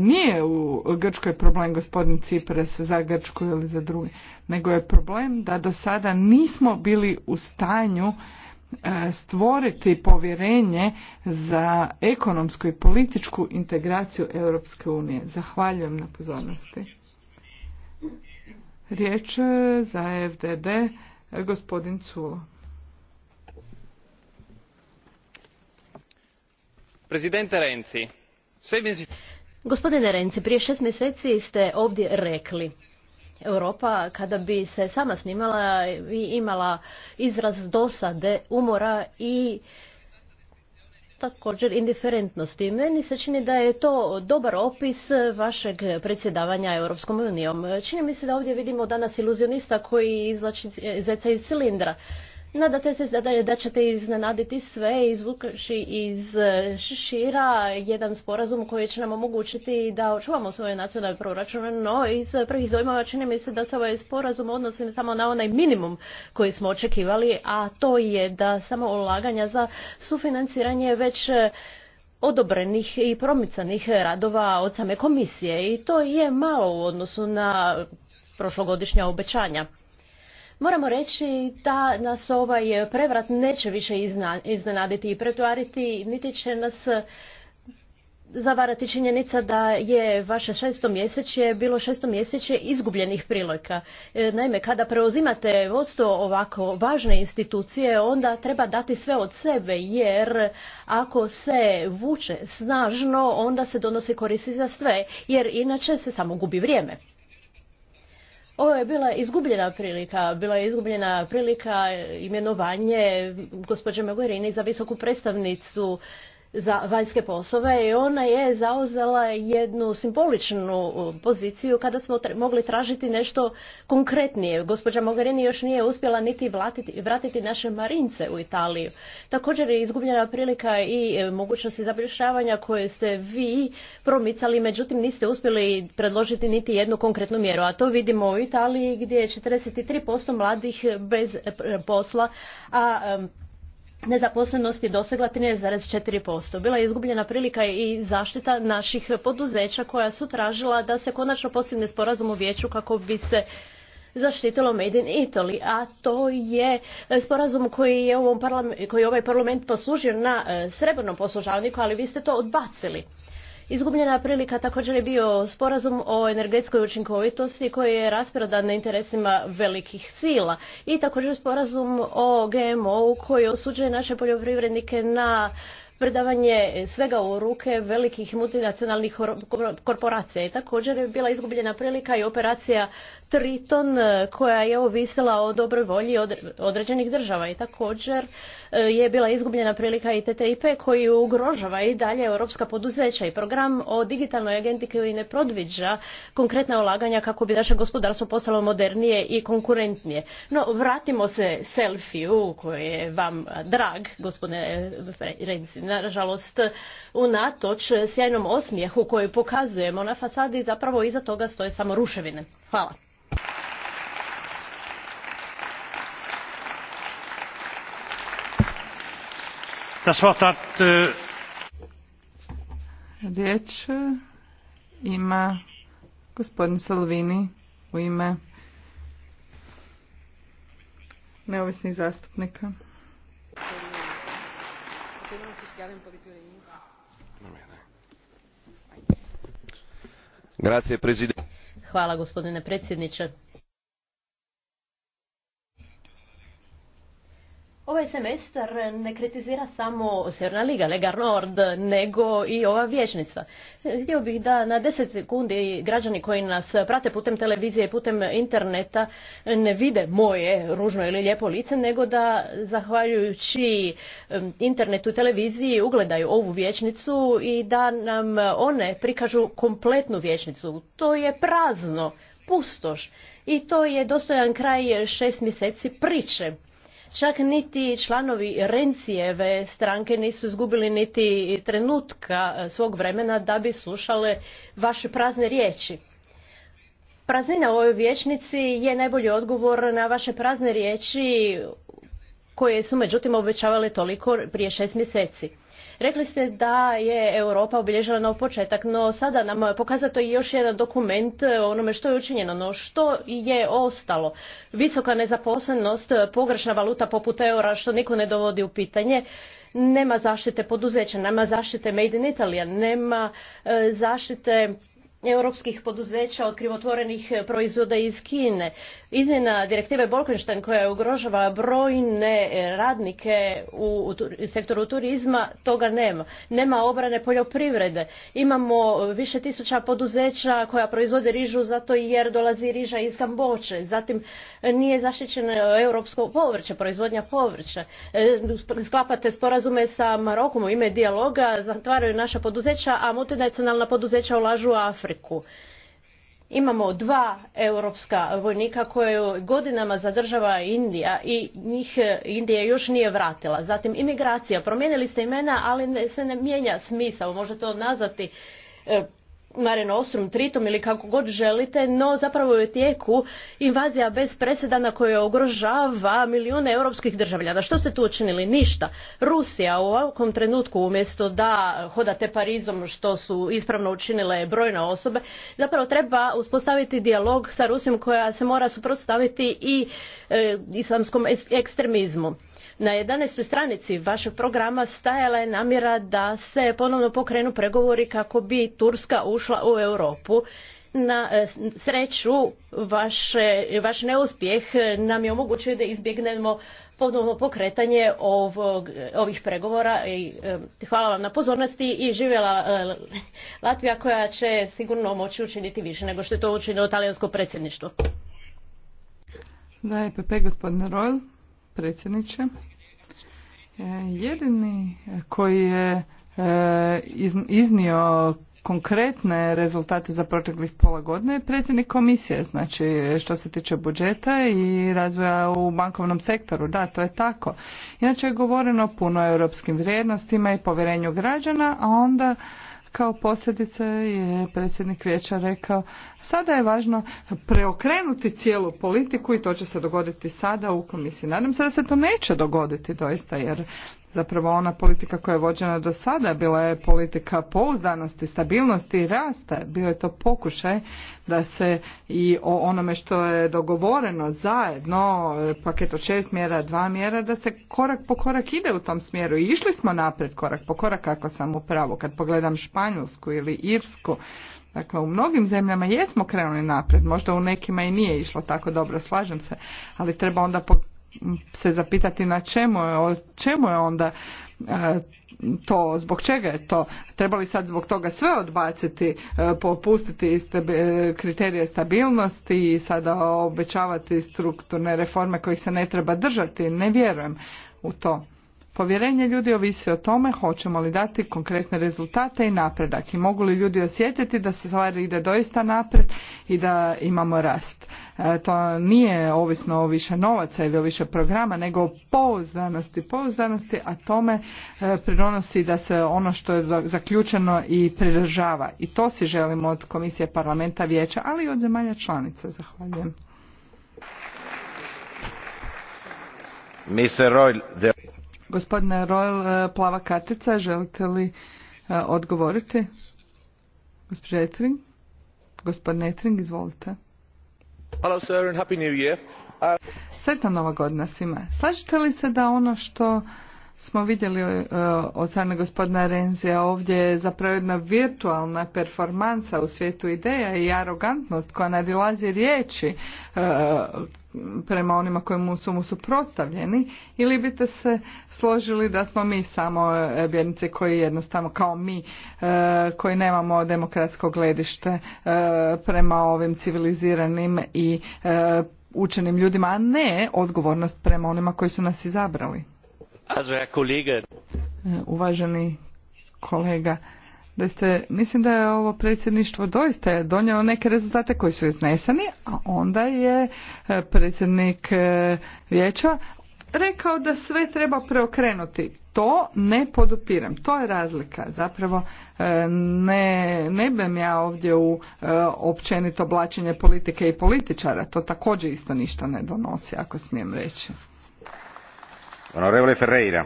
nije u Grčkoj problem gospodin Cipras za Grčku ili za druge, nego je problem da do sada nismo bili u stanju e, stvoriti povjerenje za ekonomsku i političku integraciju Europske unije. Zahvaljujem na pozornosti. Riječ za FDD gospodin Culo. Presidente Renzi, sve Gospodine Renci, prije šest mjeseci ste ovdje rekli Europa kada bi se sama snimala i imala izraz dosade, umora i također indiferentnosti. Meni se čini da je to dobar opis vašeg predsjedavanja Europskom unijom. Čini mi se da ovdje vidimo danas iluzionista koji izlači zeca iz cilindra. Nadate se da, da ćete iznenaditi sve i izvukaši iz e, šira jedan sporazum koji će nam omogućiti da očuvamo svoje nacionalne proračune, no iz prvih dojmova čini mi se da se ovaj sporazum odnosi samo na onaj minimum koji smo očekivali, a to je da samo ulaganja za sufinanciranje već e, odobrenih i promicanih radova od same komisije i to je malo u odnosu na prošlogodišnja obećanja. Moramo reći da nas ovaj prevrat neće više iznenaditi i pretvariti, niti će nas zavarati činjenica da je vaše mjeseće bilo mjeseće izgubljenih prilika. E, naime, kada preuzimate vodstvo ovako važne institucije, onda treba dati sve od sebe, jer ako se vuče snažno, onda se donosi koristi za sve, jer inače se samo gubi vrijeme. Ovo je bila izgubljena prilika, bila je izgubljena prilika imenovanje gospođe Mogherini za visoku predstavnicu za vanjske poslove i ona je zauzela jednu simboličnu poziciju kada smo mogli tražiti nešto konkretnije. Gospođa Mogherini još nije uspjela niti vratiti, naše marince u Italiju. Također je izgubljena prilika i e, mogućnosti zabrišavanja koje ste vi promicali, međutim niste uspjeli predložiti niti jednu konkretnu mjeru. A to vidimo u Italiji gdje je 43% mladih bez e, posla, a nezaposlenosti je dosegla 13,4%. Bila je izgubljena prilika i zaštita naših poduzeća koja su tražila da se konačno postigne sporazum u vijeću kako bi se zaštitilo Made in Italy, a to je e, sporazum koji je, koji je ovaj parlament poslužio na e, srebrnom poslužavniku, ali vi ste to odbacili. Izgubljena prilika također je bio sporazum o energetskoj učinkovitosti koji je rasprodan na interesima velikih sila i također sporazum o GMO-u koji osuđuje naše poljoprivrednike na predavanje svega u ruke velikih multinacionalnih korporacija. I također je bila izgubljena prilika i operacija Triton e, koja je ovisila o dobroj volji određenih država. I također e, je bila izgubljena prilika i TTIP koji ugrožava i dalje europska poduzeća i program o digitalnoj agenti koji ne prodviđa konkretna ulaganja kako bi naše gospodarstvo postalo modernije i konkurentnije. No, vratimo se selfiju koji je vam drag, gospodine Renzi nažalost, unatoč sjajnom osmijehu koji pokazujemo na fasadi, zapravo iza toga stoje samo ruševine. Hvala. Eh, Riječ ima gospodin Salvini u ime neovisnih zastupnika. Hvala gospodine predsjedniče. Ovaj semestar ne kritizira samo sjerna Liga, Lega Nord, nego i ova vječnica. Htio bih da na 10 sekundi građani koji nas prate putem televizije i putem interneta ne vide moje ružno ili lijepo lice, nego da zahvaljujući internetu i televiziji ugledaju ovu vječnicu i da nam one prikažu kompletnu vječnicu. To je prazno, pustoš i to je dostojan kraj šest mjeseci priče. Čak niti članovi Rencijeve stranke nisu izgubili niti trenutka e, svog vremena da bi slušale vaše prazne riječi. Praznina u ovoj vijećnici je najbolji odgovor na vaše prazne riječi koje su međutim obećavale toliko prije šest mjeseci. Rekli ste da je Europa obilježila nov početak, no sada nam pokazato i još jedan dokument o onome što je učinjeno, no što je ostalo. Visoka nezaposlenost, pogrešna valuta poput eura što niko ne dovodi u pitanje, nema zaštite poduzeća, nema zaštite Made in italija nema e, zaštite europskih poduzeća od krivotvorenih proizvoda iz Kine. Izmjena direktive Bolkenstein koja ugrožava brojne e, radnike u sektoru turizma, toga nema. Nema obrane poljoprivrede. Imamo više tisuća poduzeća koja proizvode rižu zato jer dolazi riža iz Kamboče. Zatim e, nije zaštićeno europsko povrće, proizvodnja povrća. E, sklapate sporazume sa Marokom u ime dijaloga, zatvaraju naša poduzeća, a multinacionalna poduzeća ulažu u Afriku. Imamo dva europska vojnika koje godinama zadržava Indija i njih Indija još nije vratila. Zatim imigracija. Promijenili ste imena, ali se ne mijenja smisao. Možete to nazvati e, Mareno Osrum, Tritom ili kako god želite, no zapravo je u tijeku invazija bez presedana koja ugrožava milijune europskih državljana. Što ste tu učinili? Ništa. Rusija u ovakvom trenutku umjesto da hodate Parizom što su ispravno učinile brojne osobe, zapravo treba uspostaviti dijalog sa Rusijom koja se mora suprotstaviti i e, islamskom ekstremizmu. Na 11. stranici vašeg programa stajala je namjera da se ponovno pokrenu pregovori kako bi Turska ušla u Europu. Na e, sreću, vaš, neuspjeh nam je omogućio da izbjegnemo ponovno pokretanje ovih pregovora. I, e, hvala vam na pozornosti i živjela e, Latvija koja će sigurno moći učiniti više nego što je to učinilo talijansko predsjedništvo. Da, Jedini koji je e, iznio konkretne rezultate za proteklih pola godine je predsjednik komisije, znači što se tiče budžeta i razvoja u bankovnom sektoru. Da, to je tako. Inače je govoreno puno o europskim vrijednostima i povjerenju građana, a onda kao posljedice je predsjednik vijeća rekao sada je važno preokrenuti cijelu politiku i to će se dogoditi sada u komisiji. Nadam se da se to neće dogoditi doista jer Zapravo ona politika koja je vođena do sada bila je politika pouzdanosti, stabilnosti i rasta. Bio je to pokušaj da se i o onome što je dogovoreno zajedno, paket od šest mjera, dva mjera, da se korak po korak ide u tom smjeru. I išli smo naprijed korak po korak ako sam u Kad pogledam Španjolsku ili Irsku, Dakle, u mnogim zemljama jesmo krenuli naprijed, možda u nekima i nije išlo tako dobro, slažem se, ali treba onda se zapitati na čemu je, o čemu je onda e, to, zbog čega je to? Treba li sad zbog toga sve odbaciti, e, popustiti kriterije stabilnosti i sada obećavati strukturne reforme kojih se ne treba držati? Ne vjerujem u to. Povjerenje ljudi ovisi o tome hoćemo li dati konkretne rezultate i napredak i mogu li ljudi osjetiti da se stvari ide doista napred i da imamo rast. E, to nije ovisno o više novaca ili o više programa, nego o pouzdanosti, pouzdanosti, a tome e, pridonosi da se ono što je zaključeno i pridržava. I to si želimo od Komisije parlamenta vijeća, ali i od zemalja članica. Zahvaljujem. Mr. the... Gospodine Royal, e, plava Katica, želite li e, odgovoriti? Gospodin Etring? Gospodin Etring, izvolite. Hello sir and happy new year. Uh, nova godina svima. Slažete li se da ono što smo vidjeli e, od strane gospodina Renzija ovdje je zapravo jedna virtualna performansa u svijetu ideja i arogantnost koja nadilazi riječi prema onima koji su mu suprotstavljeni ili biste se složili da smo mi samo vjernici e, koji jednostavno kao mi e, koji nemamo demokratsko gledište e, prema ovim civiliziranim i učenim ljudima, a ne odgovornost prema onima koji su nas izabrali. Uvaženi kolega, da ste, mislim da je ovo predsjedništvo doista donijelo neke rezultate koji su izneseni, a onda je e, predsjednik e, vijeća rekao da sve treba preokrenuti. To ne podupiram. To je razlika. Zapravo e, ne, ne bem ja ovdje u općenito oblačenje politike i političara. To također isto ništa ne donosi, ako smijem reći. Honorevole Ferreira.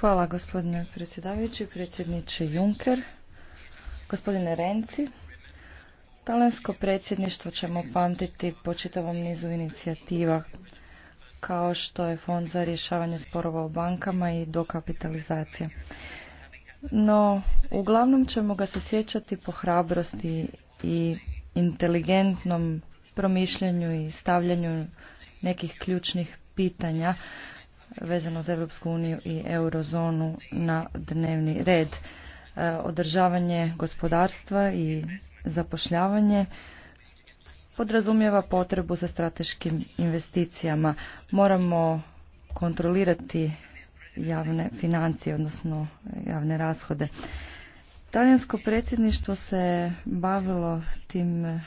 Hvala gospodine predsjedavajući, predsjedniče Juncker, gospodine Renci. Talensko predsjedništvo ćemo pamtiti po čitavom nizu inicijativa kao što je Fond za rješavanje sporova u bankama i dokapitalizacija. No, uglavnom ćemo ga se sjećati po hrabrosti i inteligentnom promišljanju i stavljanju nekih ključnih pitanja vezano za Europsku uniju i eurozonu na dnevni red. E, održavanje gospodarstva i zapošljavanje podrazumijeva potrebu za strateškim investicijama. Moramo kontrolirati javne financije, odnosno javne rashode. Talijansko predsjedništvo se bavilo tim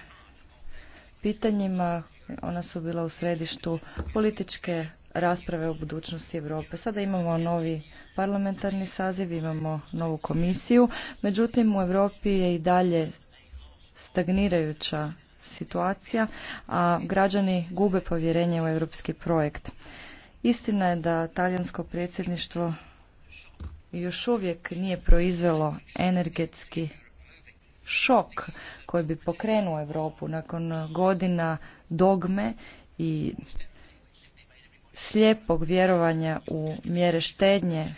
pitanjima, ona su bila u središtu političke rasprave o budućnosti Europe. Sada imamo novi parlamentarni saziv, imamo novu komisiju, međutim u Europi je i dalje stagnirajuća situacija, a građani gube povjerenje u europski projekt. Istina je da talijansko predsjedništvo još uvijek nije proizvelo energetski šok koji bi pokrenuo Europu nakon godina dogme i slijepog vjerovanja u mjere štednje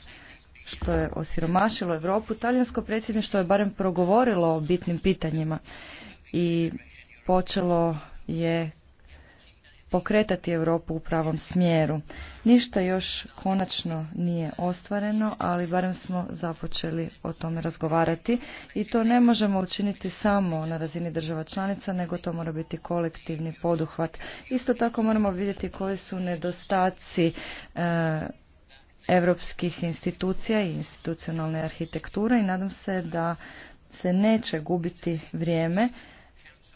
što je osiromašilo Europu, talijansko predsjedništvo je barem progovorilo o bitnim pitanjima i počelo je pokretati Europu u pravom smjeru. Ništa još konačno nije ostvareno, ali barem smo započeli o tome razgovarati i to ne možemo učiniti samo na razini država članica, nego to mora biti kolektivni poduhvat. Isto tako moramo vidjeti koji su nedostaci europskih institucija i institucionalne arhitekture i nadam se da se neće gubiti vrijeme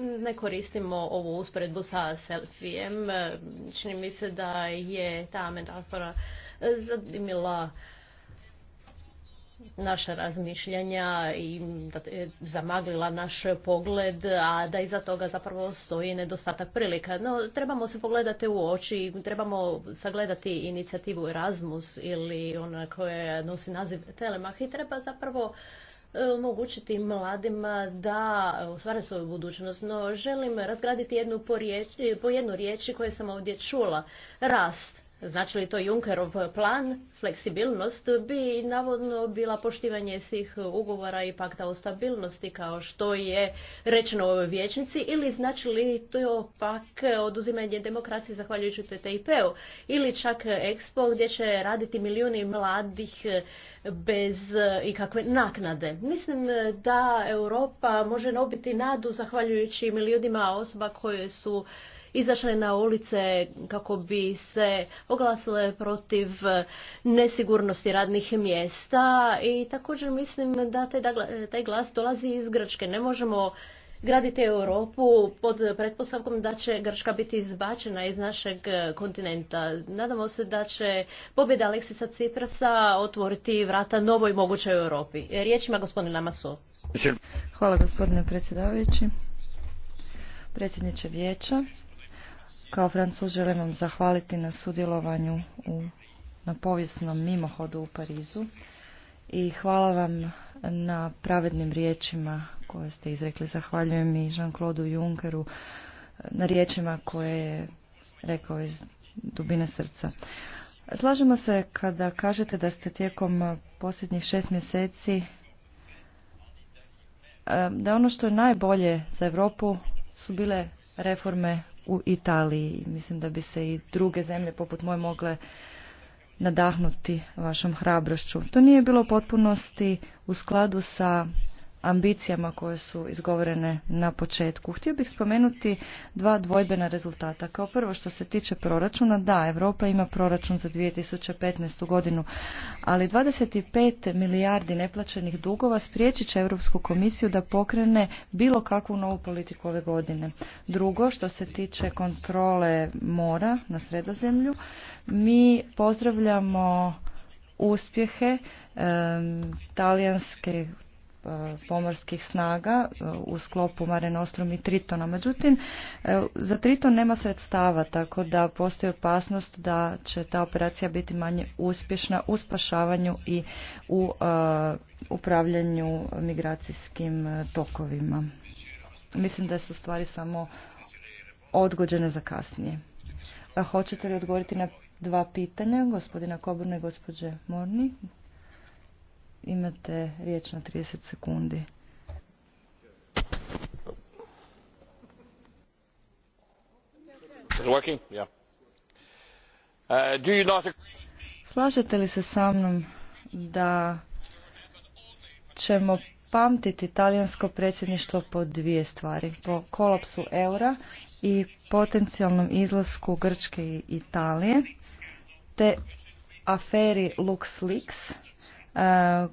ne koristimo ovu usporedbu sa selfijem. Čini mi se da je ta metafora zadimila naša razmišljanja i zamaglila naš pogled, a da iza toga zapravo stoji nedostatak prilika. No, trebamo se pogledati u oči, trebamo sagledati inicijativu Erasmus ili ona koja nosi naziv Telemah i treba zapravo E, omogućiti mladima da ostvare svoju budućnost. No, želim razgraditi jednu po, jednu riječi koju sam ovdje čula. Rast. Znači li to Junckerov plan, fleksibilnost bi navodno bila poštivanje svih ugovora i pakta o stabilnosti kao što je rečeno u ovoj vječnici ili znači li to pak oduzimanje demokracije zahvaljujući TTIP-u ili čak Expo gdje će raditi milijuni mladih bez ikakve naknade. Mislim da Europa može nobiti nadu zahvaljujući milijunima osoba koje su izašle na ulice kako bi se oglasile protiv nesigurnosti radnih mjesta i također mislim da taj glas dolazi iz Grčke. Ne možemo graditi Europu pod pretpostavkom da će Grčka biti izbačena iz našeg kontinenta. Nadamo se da će pobjeda Aleksisa Ciprasa otvoriti vrata novoj mogućoj Europi. Riječima gospodina Maso. Hvala gospodine predsjedavajući. Predsjedniče vijeća, kao francuz želim vam zahvaliti na sudjelovanju u, na povijesnom mimohodu u Parizu i hvala vam na pravednim riječima koje ste izrekli. Zahvaljujem i Jean-Claude Junckeru na riječima koje je rekao iz dubine srca. Slažemo se kada kažete da ste tijekom posljednjih šest mjeseci eh, da ono što je najbolje za Europu su bile reforme u Italiji. Mislim da bi se i druge zemlje poput moje mogle nadahnuti vašom hrabrošću. To nije bilo potpunosti u skladu sa ambicijama koje su izgovorene na početku. Htio bih spomenuti dva dvojbena rezultata. Kao prvo što se tiče proračuna, da, Europa ima proračun za 2015. godinu, ali 25 milijardi neplaćenih dugova spriječit će Europsku komisiju da pokrene bilo kakvu novu politiku ove godine. Drugo, što se tiče kontrole mora na sredozemlju, mi pozdravljamo uspjehe talijanske E, pomorskih snaga e, u sklopu Mare Nostrum i Tritona. Međutim, e, za Triton nema sredstava, tako da postoji opasnost da će ta operacija biti manje uspješna u spašavanju i u upravljanju migracijskim tokovima. Mislim da su stvari samo odgođene za kasnije. hoćete li odgovoriti na dva pitanja, gospodina Koburna i gospođe Morni? Imate riječ na 30 sekundi. Uh, Slažete li se sa mnom da ćemo pamtiti italijansko predsjedništvo po dvije stvari. Po kolapsu eura i potencijalnom izlasku Grčke i Italije, te aferi LuxLeaks, E,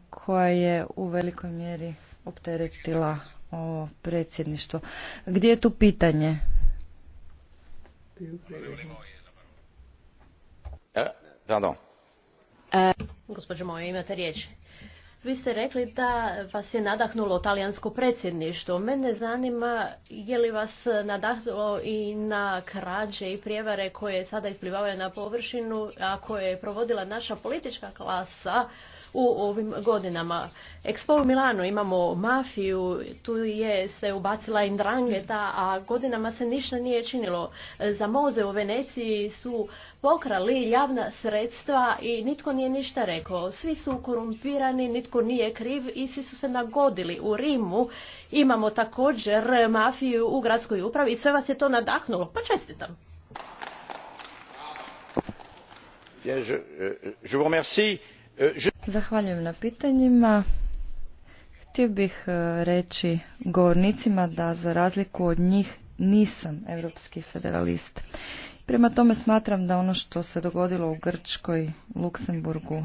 koja je u velikoj mjeri opteretila ovo predsjedništvo. Gdje je tu pitanje? Pardon. E, e, gospođo imate riječ. Vi ste rekli da vas je nadahnulo talijansko predsjedništvo. Mene zanima je li vas nadahnulo i na krađe i prijevare koje sada isplivavaju na površinu, a koje je provodila naša politička klasa u ovim godinama. Expo u Milanu imamo mafiju, tu je se ubacila indrangeta, a godinama se ništa nije činilo. Za moze u Veneciji su pokrali javna sredstva i nitko nije ništa rekao. Svi su korumpirani, nitko nije kriv i svi su se nagodili. U Rimu imamo također mafiju u gradskoj upravi i sve vas je to nadahnulo. Pa čestitam. Je, je, euh, je vous remercie. Zahvaljujem na pitanjima. Htio bih e, reći govornicima da za razliku od njih nisam europski federalist. Prema tome smatram da ono što se dogodilo u Grčkoj, Luksemburgu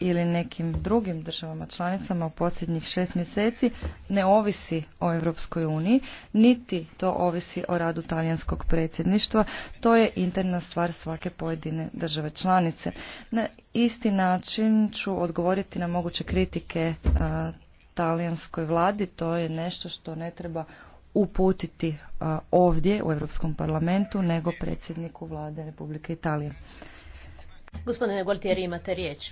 ili nekim drugim državama članicama u posljednjih šest mjeseci ne ovisi o Europskoj uniji, niti to ovisi o radu talijanskog predsjedništva. To je interna stvar svake pojedine države članice. Na isti način ću odgovoriti na moguće kritike a, talijanskoj vladi. To je nešto što ne treba uputiti ovdje u Europskom parlamentu nego predsjedniku vlade Republike Italije. Gospodine Gualtieri, imate riječ.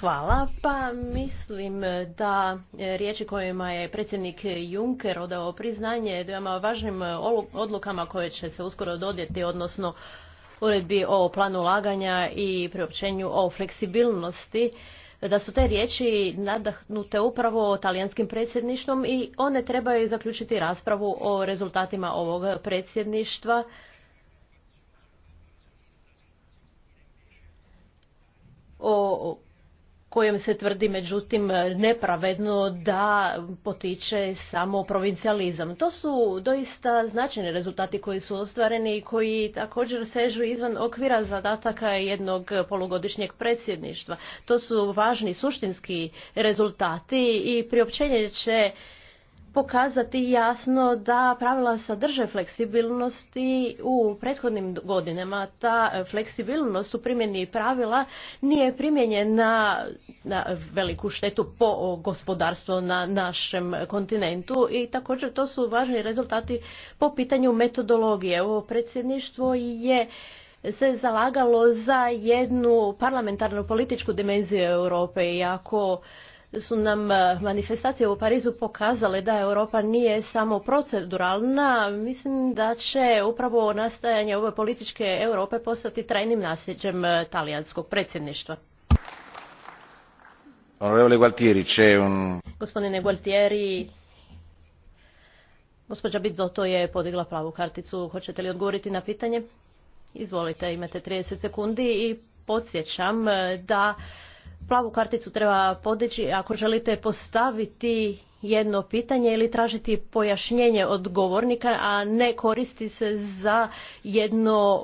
Hvala. Pa mislim da riječi kojima je predsjednik Juncker odao priznanje dvema važnim odlukama koje će se uskoro dodjeti, odnosno uredbi o planu ulaganja i priopćenju o fleksibilnosti, da su te riječi nadahnute upravo talijanskim predsjedništvom i one trebaju zaključiti raspravu o rezultatima ovog predsjedništva. o kojem se tvrdi međutim nepravedno da potiče samo provincijalizam. To su doista značajni rezultati koji su ostvareni i koji također sežu izvan okvira zadataka jednog polugodišnjeg predsjedništva. To su važni suštinski rezultati i priopćenje će pokazati jasno da pravila sadrže fleksibilnosti u prethodnim godinama. Ta e, fleksibilnost u primjeni pravila nije primjenjena na veliku štetu po gospodarstvo na našem kontinentu i također to su važni rezultati po pitanju metodologije. Ovo predsjedništvo je se zalagalo za jednu parlamentarnu političku dimenziju Europe i ako su nam e, manifestacije u Parizu pokazale da Europa nije samo proceduralna, mislim da će upravo nastajanje ove političke Europe postati trajnim nasljeđem e, talijanskog predsjedništva. Gospodine Gualtieri, gospođa Bizzotto je podigla plavu karticu. Hoćete li odgovoriti na pitanje? Izvolite, imate 30 sekundi i podsjećam e, da plavu karticu treba podići ako želite postaviti jedno pitanje ili tražiti pojašnjenje od govornika, a ne koristi se za jedno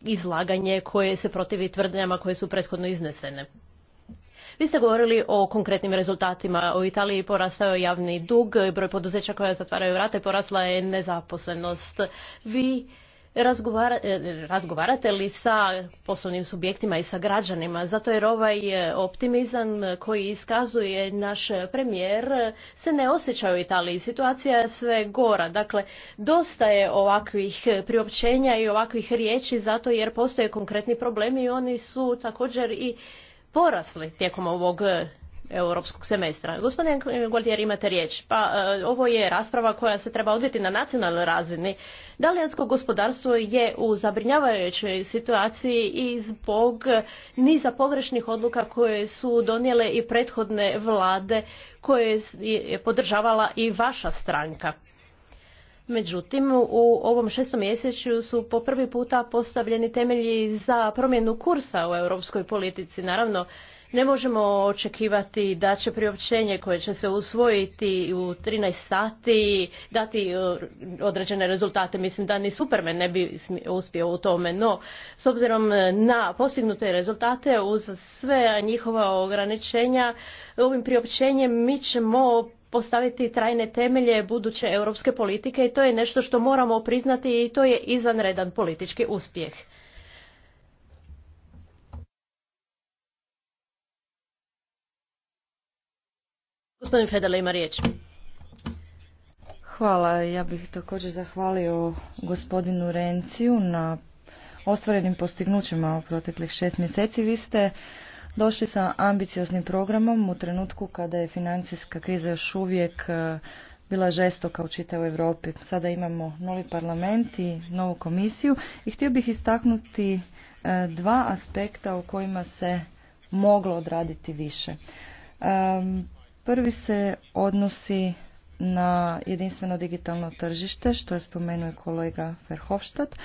izlaganje koje se protivi tvrdnjama koje su prethodno iznesene. Vi ste govorili o konkretnim rezultatima. U Italiji porastao je javni dug, broj poduzeća koja zatvaraju vrate, porasla je nezaposlenost. Vi Razgovara, e, razgovarate li sa poslovnim subjektima i sa građanima? Zato jer ovaj e, optimizam koji iskazuje naš premijer se ne osjeća u Italiji. Situacija je sve gora. Dakle, dosta je ovakvih priopćenja i ovakvih riječi zato jer postoje konkretni problemi i oni su također i porasli tijekom ovog europskog semestra. Gospodin Gualtier, imate riječ. Pa e, ovo je rasprava koja se treba odviti na nacionalnoj razini. Dalijansko gospodarstvo je u zabrinjavajućoj situaciji i zbog niza pogrešnih odluka koje su donijele i prethodne vlade koje je podržavala i vaša stranka. Međutim, u ovom šestom mjesecu su po prvi puta postavljeni temelji za promjenu kursa u europskoj politici. Naravno, ne možemo očekivati da će priopćenje koje će se usvojiti u 13 sati dati e, određene rezultate. Mislim da ni Superman ne bi uspio u tome, no s obzirom e, na postignute rezultate uz sve njihova ograničenja ovim priopćenjem mi ćemo postaviti trajne temelje buduće europske politike i to je nešto što moramo priznati i to je izvanredan politički uspjeh. Gospodin Fedele riječ. Hvala. Ja bih također zahvalio gospodinu Renciju na ostvarenim postignućima u proteklih šest mjeseci. Vi ste došli sa ambicioznim programom u trenutku kada je financijska kriza još uvijek e, bila žestoka u čitavoj Europi. Sada imamo novi parlament i novu komisiju i htio bih istaknuti e, dva aspekta u kojima se moglo odraditi više. Prvi se odnosi na jedinstveno digitalno tržište, što je spomenuo kolega Verhofstadt,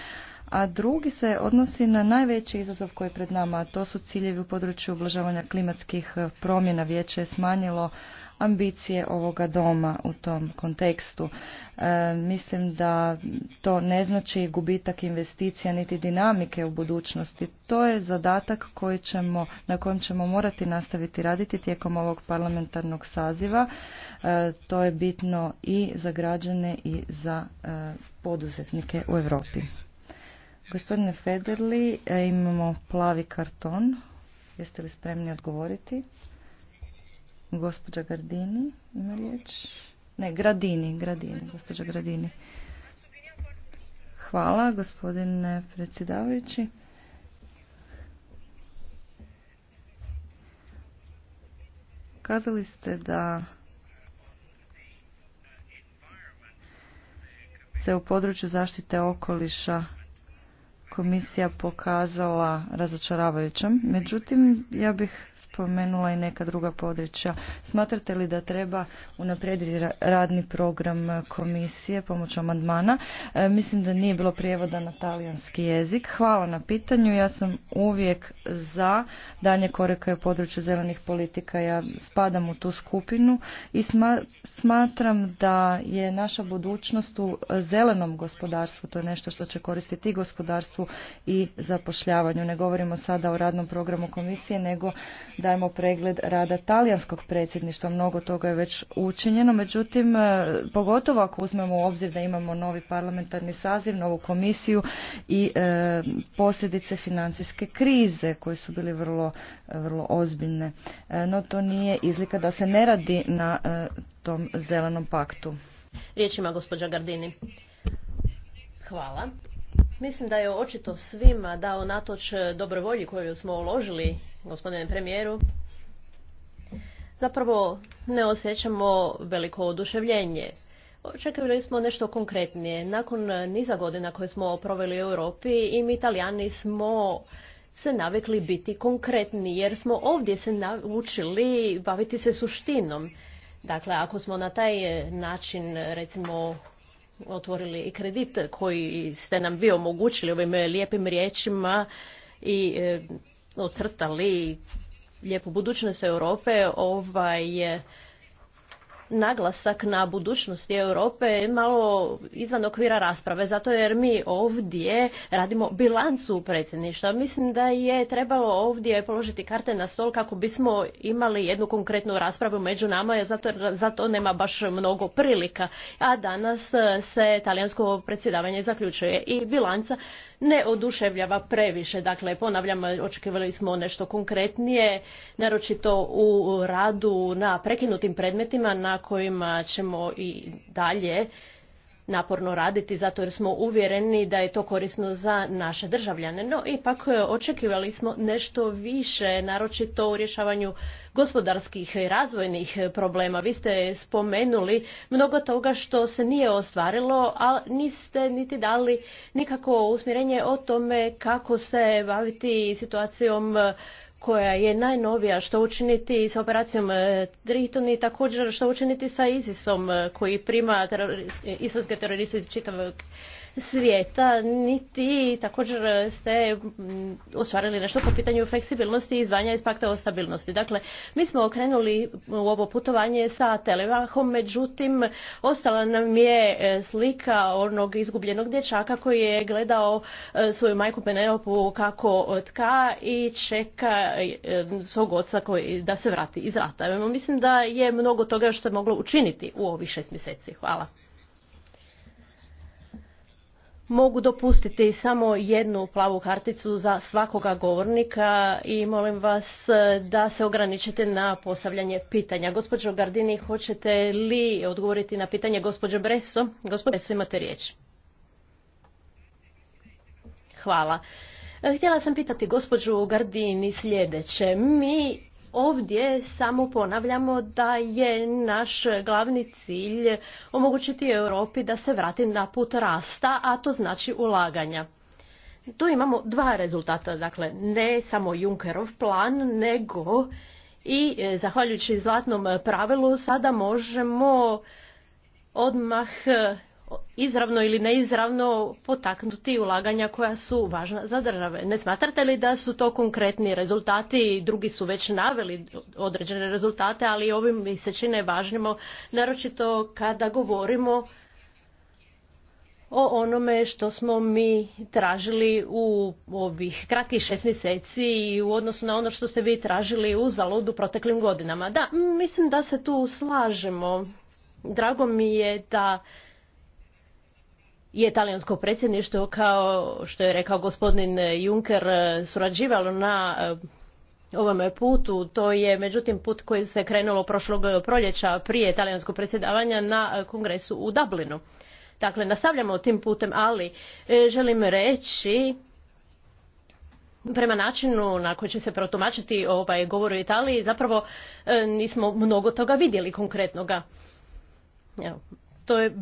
a drugi se odnosi na najveći izazov koji je pred nama, a to su ciljevi u području ublažavanja klimatskih promjena. Vijeće je smanjilo ambicije ovoga doma u tom kontekstu. E, mislim da to ne znači gubitak investicija niti dinamike u budućnosti. To je zadatak koji ćemo, na kojem ćemo morati nastaviti raditi tijekom ovog parlamentarnog saziva. E, to je bitno i za građane i za e, poduzetnike u Europi. Gospodine Federli, imamo plavi karton. Jeste li spremni odgovoriti? Gospođa Gardini ima riječ? Ne, Gradini, Gradini, gospođa Gradini. Hvala, gospodine predsjedavajući. Kazali ste da se u području zaštite okoliša komisija pokazala razočaravajućom. Međutim, ja bih spomenula i neka druga područja. Smatrate li da treba unaprijediti radni program komisije pomoću amandmana? E, mislim da nije bilo prijevoda na talijanski jezik. Hvala na pitanju. Ja sam uvijek za danje koreka u području zelenih politika. Ja spadam u tu skupinu i smatram da je naša budućnost u zelenom gospodarstvu. To je nešto što će koristiti i gospodarstvo i zapošljavanju. Ne govorimo sada o radnom programu komisije, nego dajemo pregled rada talijanskog predsjedništva. Mnogo toga je već učinjeno, međutim, e, pogotovo ako uzmemo u obzir da imamo novi parlamentarni saziv, novu komisiju i e, posljedice financijske krize koje su bili vrlo, e, vrlo ozbiljne. no to nije izlika da se ne radi na tom zelenom paktu. Riječ ima gospođa Gardini. Hvala. Mislim da je očito svima dao natoč dobroj volji koju smo uložili, gospodine premijeru, zapravo ne osjećamo veliko oduševljenje. Očekivali smo nešto konkretnije. Nakon niza godina koje smo proveli u Europi i mi italijani smo se navikli biti konkretni jer smo ovdje se naučili baviti se suštinom. Dakle, ako smo na taj način recimo otvorili i kredit koji ste nam vi omogućili ovim lijepim riječima i e, ocrtali lijepu budućnost Europe, ovaj naglasak na budućnosti Europe je malo izvan okvira rasprave, zato jer mi ovdje radimo bilancu predsjedništva. Mislim da je trebalo ovdje položiti karte na stol kako bismo imali jednu konkretnu raspravu među nama, zato jer za to nema baš mnogo prilika. A danas se talijansko predsjedavanje zaključuje i bilanca ne oduševljava previše. Dakle, ponavljamo, očekivali smo nešto konkretnije, naročito u radu na prekinutim predmetima na kojima ćemo i dalje naporno raditi zato jer smo uvjereni da je to korisno za naše državljane. No, ipak e, očekivali smo nešto više, naročito u rješavanju gospodarskih i razvojnih problema. Vi ste spomenuli mnogo toga što se nije ostvarilo, a niste niti dali nikako usmjerenje o tome kako se baviti situacijom koja je najnovija, što učiniti s operacijom e, Triton i također što učiniti sa ISISom e, koji prima islamske teroriste iz čitavog svijeta, niti također ste mm, ostvarili nešto po pitanju fleksibilnosti i zvanja iz pakta o stabilnosti. Dakle, mi smo okrenuli u ovo putovanje sa Televahom, međutim, ostala nam je e, slika onog izgubljenog dječaka koji je gledao e, svoju majku Penelopu kako tka i čeka e, svog oca koji, da se vrati iz rata. Mislim da je mnogo toga što se moglo učiniti u ovih šest mjeseci. Hvala mogu dopustiti samo jednu plavu karticu za svakoga govornika i molim vas da se ograničite na postavljanje pitanja. Gospođo Gardini, hoćete li odgovoriti na pitanje gospođo Breso? Gospođo Breso, imate riječ. Hvala. E, htjela sam pitati gospođu Gardini sljedeće. Mi Ovdje samo ponavljamo da je naš glavni cilj omogućiti Europi da se vrati na put rasta, a to znači ulaganja. Tu imamo dva rezultata, dakle ne samo Junckerov plan, nego i e, zahvaljujući zlatnom pravilu sada možemo odmah izravno ili neizravno potaknuti ulaganja koja su važna za države. Ne smatrate li da su to konkretni rezultati i drugi su već naveli određene rezultate, ali ovim mi se čine važnimo, naročito kada govorimo o onome što smo mi tražili u ovih kratkih šest mjeseci i u odnosu na ono što ste vi tražili u zaludu proteklim godinama. Da, mislim da se tu slažemo. Drago mi je da je talijansko predsjedništvo kao što je rekao gospodin Juncker e, surađivalo na e, ovome putu. To je međutim put koji se krenulo prošlog proljeća prije talijanskog predsjedavanja na e, kongresu u Dublinu. Dakle, nastavljamo tim putem, ali želim reći prema načinu na koji će se protumačiti ovaj govor u Italiji zapravo nismo mnogo toga vidjeli konkretnoga. to je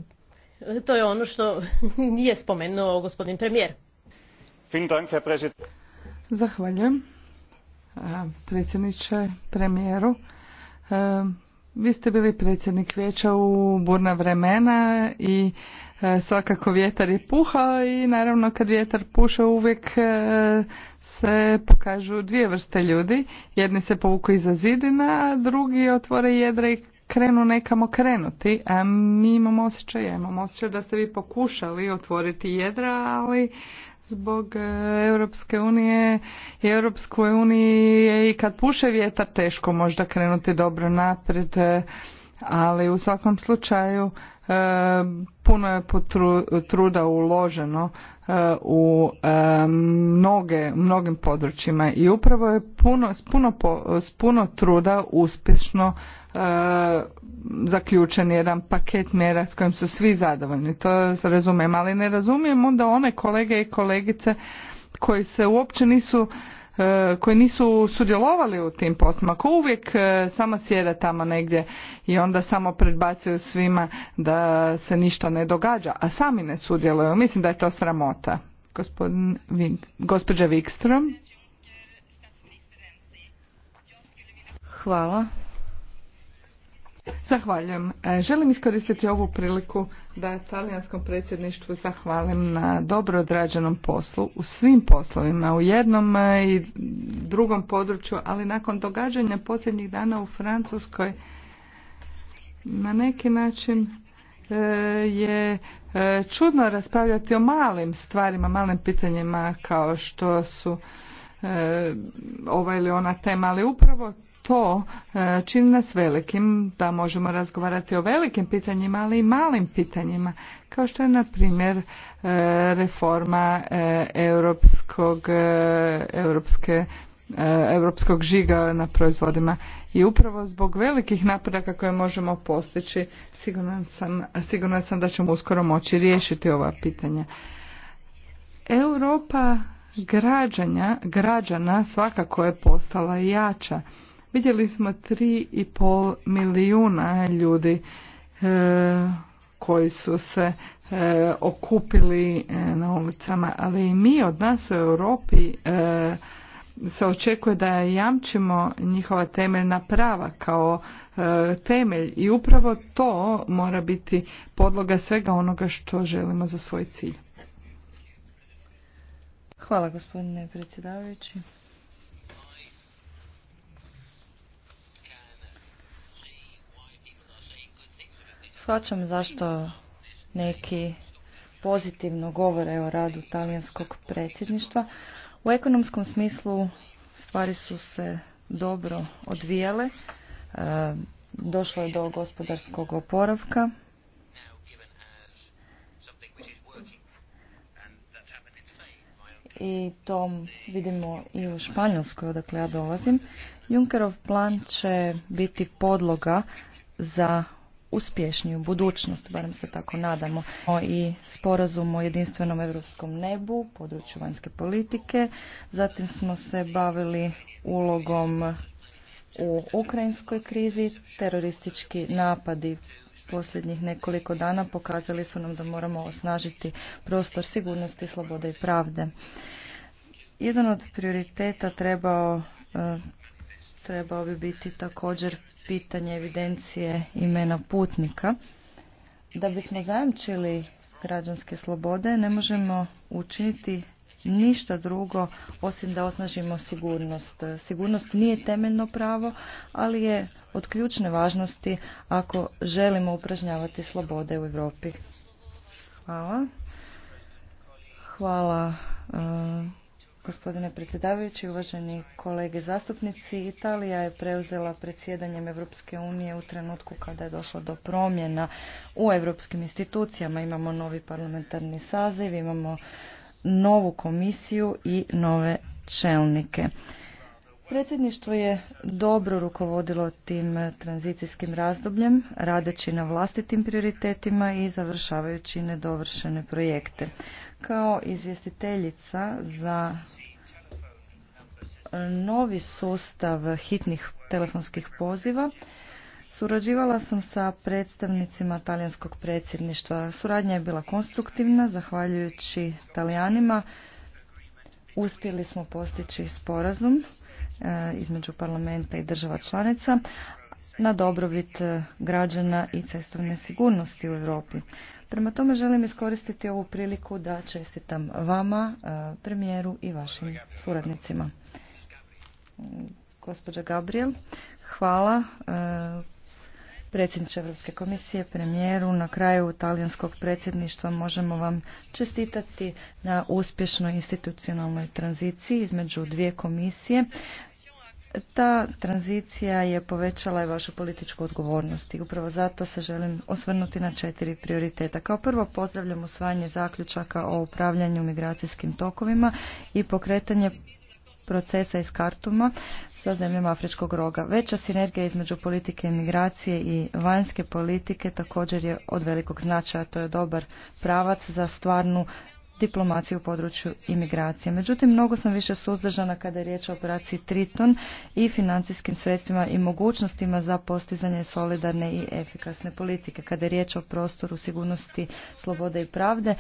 to je ono što nije spomenuo gospodin premijer. Zahvaljujem e, predsjedniče, premijeru. E, vi ste bili predsjednik vijeća u burna vremena i e, svakako vjetar je puhao i naravno kad vjetar puša uvijek se pokažu dvije vrste ljudi. Jedni se povuku iza zidina, a drugi otvore jedre i krenu nekamo krenuti, a mi imamo osjećaj, osjećaj da ste vi pokušali otvoriti jedra, ali zbog e, Europske unije i Europskoj uniji je i kad puše vjetar teško možda krenuti dobro naprijed e, ali u svakom slučaju e, puno je truda uloženo e, u e, mnoge, mnogim područjima i upravo je puno, s, puno, puno truda uspješno zaključen jedan paket mjera s kojim su svi zadovoljni. To razumijem, ali ne razumijem onda one kolege i kolegice koji se uopće nisu E, koji nisu sudjelovali u tim poslima, koji uvijek e, samo sjede tamo negdje i onda samo predbacuju svima da se ništa ne događa, a sami ne sudjeluju. Mislim da je to sramota. Gospodin, gospođa Hvala. Zahvaljujem. E, želim iskoristiti ovu priliku da talijanskom predsjedništvu zahvalim na dobro odrađenom poslu u svim poslovima, u jednom e, i drugom području, ali nakon događanja posljednjih dana u Francuskoj na neki način e, je čudno raspravljati o malim stvarima, malim pitanjima kao što su ova ili ona tema, ali upravo to e, čini nas velikim da možemo razgovarati o velikim pitanjima, ali i malim pitanjima, kao što je na primjer e, reforma e, europskog, europskog žiga na proizvodima i upravo zbog velikih napredaka koje možemo postići siguran sam, sam da ćemo uskoro moći riješiti ova pitanja. Europa građanja, građana svakako je postala jača Vidjeli smo 3,5 milijuna ljudi e, koji su se e, okupili e, na ulicama, ali i mi od nas u Europi se očekuje da jamčimo njihova temeljna prava kao temelj i upravo to mora biti podloga svega onoga što želimo za svoj cilj. Hvala gospodine predsjedavajući. Shvaćam zašto neki pozitivno govore o radu talijanskog predsjedništva. U ekonomskom smislu stvari su se dobro odvijale. E, došlo je do gospodarskog oporavka. i to vidimo i u Španjolskoj odakle ja dolazim. Junkerov plan će biti podloga za uspješniju budućnost, barem se tako nadamo. I sporazum o jedinstvenom europskom nebu, području vanjske politike. Zatim smo se bavili ulogom u ukrajinskoj krizi. Teroristički napadi posljednjih nekoliko dana pokazali su nam da moramo osnažiti prostor sigurnosti, slobode i pravde. Jedan od prioriteta trebao, e, trebao bi biti također pitanje evidencije imena putnika. Da bismo zajamčili građanske slobode ne možemo učiniti ništa drugo osim da osnažimo sigurnost. Sigurnost nije temeljno pravo, ali je od ključne važnosti ako želimo upražnjavati slobode u Europi. Hvala. Hvala e, Gospodine predsjedavajući, uvaženi kolege zastupnici, Italija je preuzela predsjedanjem Europske unije u trenutku kada je došlo do promjena u europskim institucijama. Imamo novi parlamentarni saziv, imamo novu komisiju i nove čelnike. Predsjedništvo je dobro rukovodilo tim tranzicijskim razdobljem, radeći na vlastitim prioritetima i završavajući nedovršene projekte. Kao izvjestiteljica za novi sustav hitnih telefonskih poziva, Surađivala sam sa predstavnicima talijanskog predsjedništva. Suradnja je bila konstruktivna, zahvaljujući talijanima. Uspjeli smo postići sporazum e, između parlamenta i država članica na dobrobit građana i cestovne sigurnosti u Europi. Prema tome želim iskoristiti ovu priliku da čestitam vama, e, premijeru i vašim suradnicima. Gospođa Gabriel, hvala e, predsjedniče Europske komisije, premijeru. Na kraju talijanskog predsjedništva možemo vam čestitati na uspješnoj institucionalnoj tranziciji između dvije komisije. Ta tranzicija je povećala i vašu političku odgovornost i upravo zato se želim osvrnuti na četiri prioriteta. Kao prvo pozdravljam usvajanje zaključaka o upravljanju migracijskim tokovima i pokretanje procesa iz Kartuma sa zemljama Afričkog roga. Veća sinergija između politike imigracije i vanjske politike također je od velikog značaja. To je dobar pravac za stvarnu diplomaciju u području imigracije. Međutim, mnogo sam više suzdržana kada je riječ o operaciji Triton i financijskim sredstvima i mogućnostima za postizanje solidarne i efikasne politike. Kada je riječ o prostoru sigurnosti, slobode i pravde,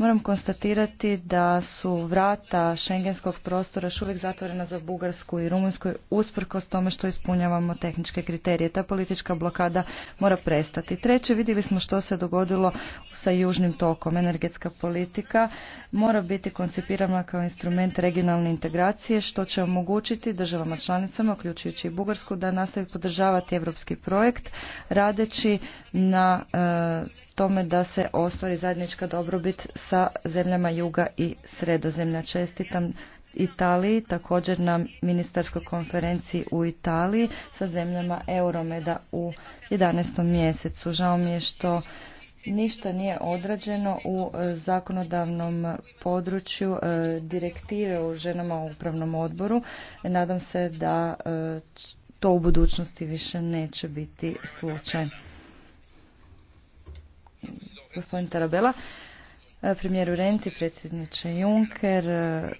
Moram konstatirati da su vrata šengenskog prostora još uvijek zatvorena za Bugarsku i Rumunjsku usprkos tome što ispunjavamo tehničke kriterije. Ta politička blokada mora prestati. Treće, vidjeli smo što se dogodilo sa južnim tokom. Energetska politika mora biti koncipirana kao instrument regionalne integracije što će omogućiti državama članicama, uključujući i Bugarsku, da nastavi podržavati evropski projekt radeći na e, tome da se ostvari zajednička dobrobit sa zemljama Juga i Sredozemlja. Čestitam Italiji, također na ministarskoj konferenciji u Italiji sa zemljama Euromeda u 11. mjesecu. Žao mi je što ništa nije odrađeno u e, zakonodavnom području e, direktive u ženama u upravnom odboru. Nadam se da e, to u budućnosti više neće biti slučaj gospodin Tarabela, e, premijeru Renci, predsjedniče Juncker, e,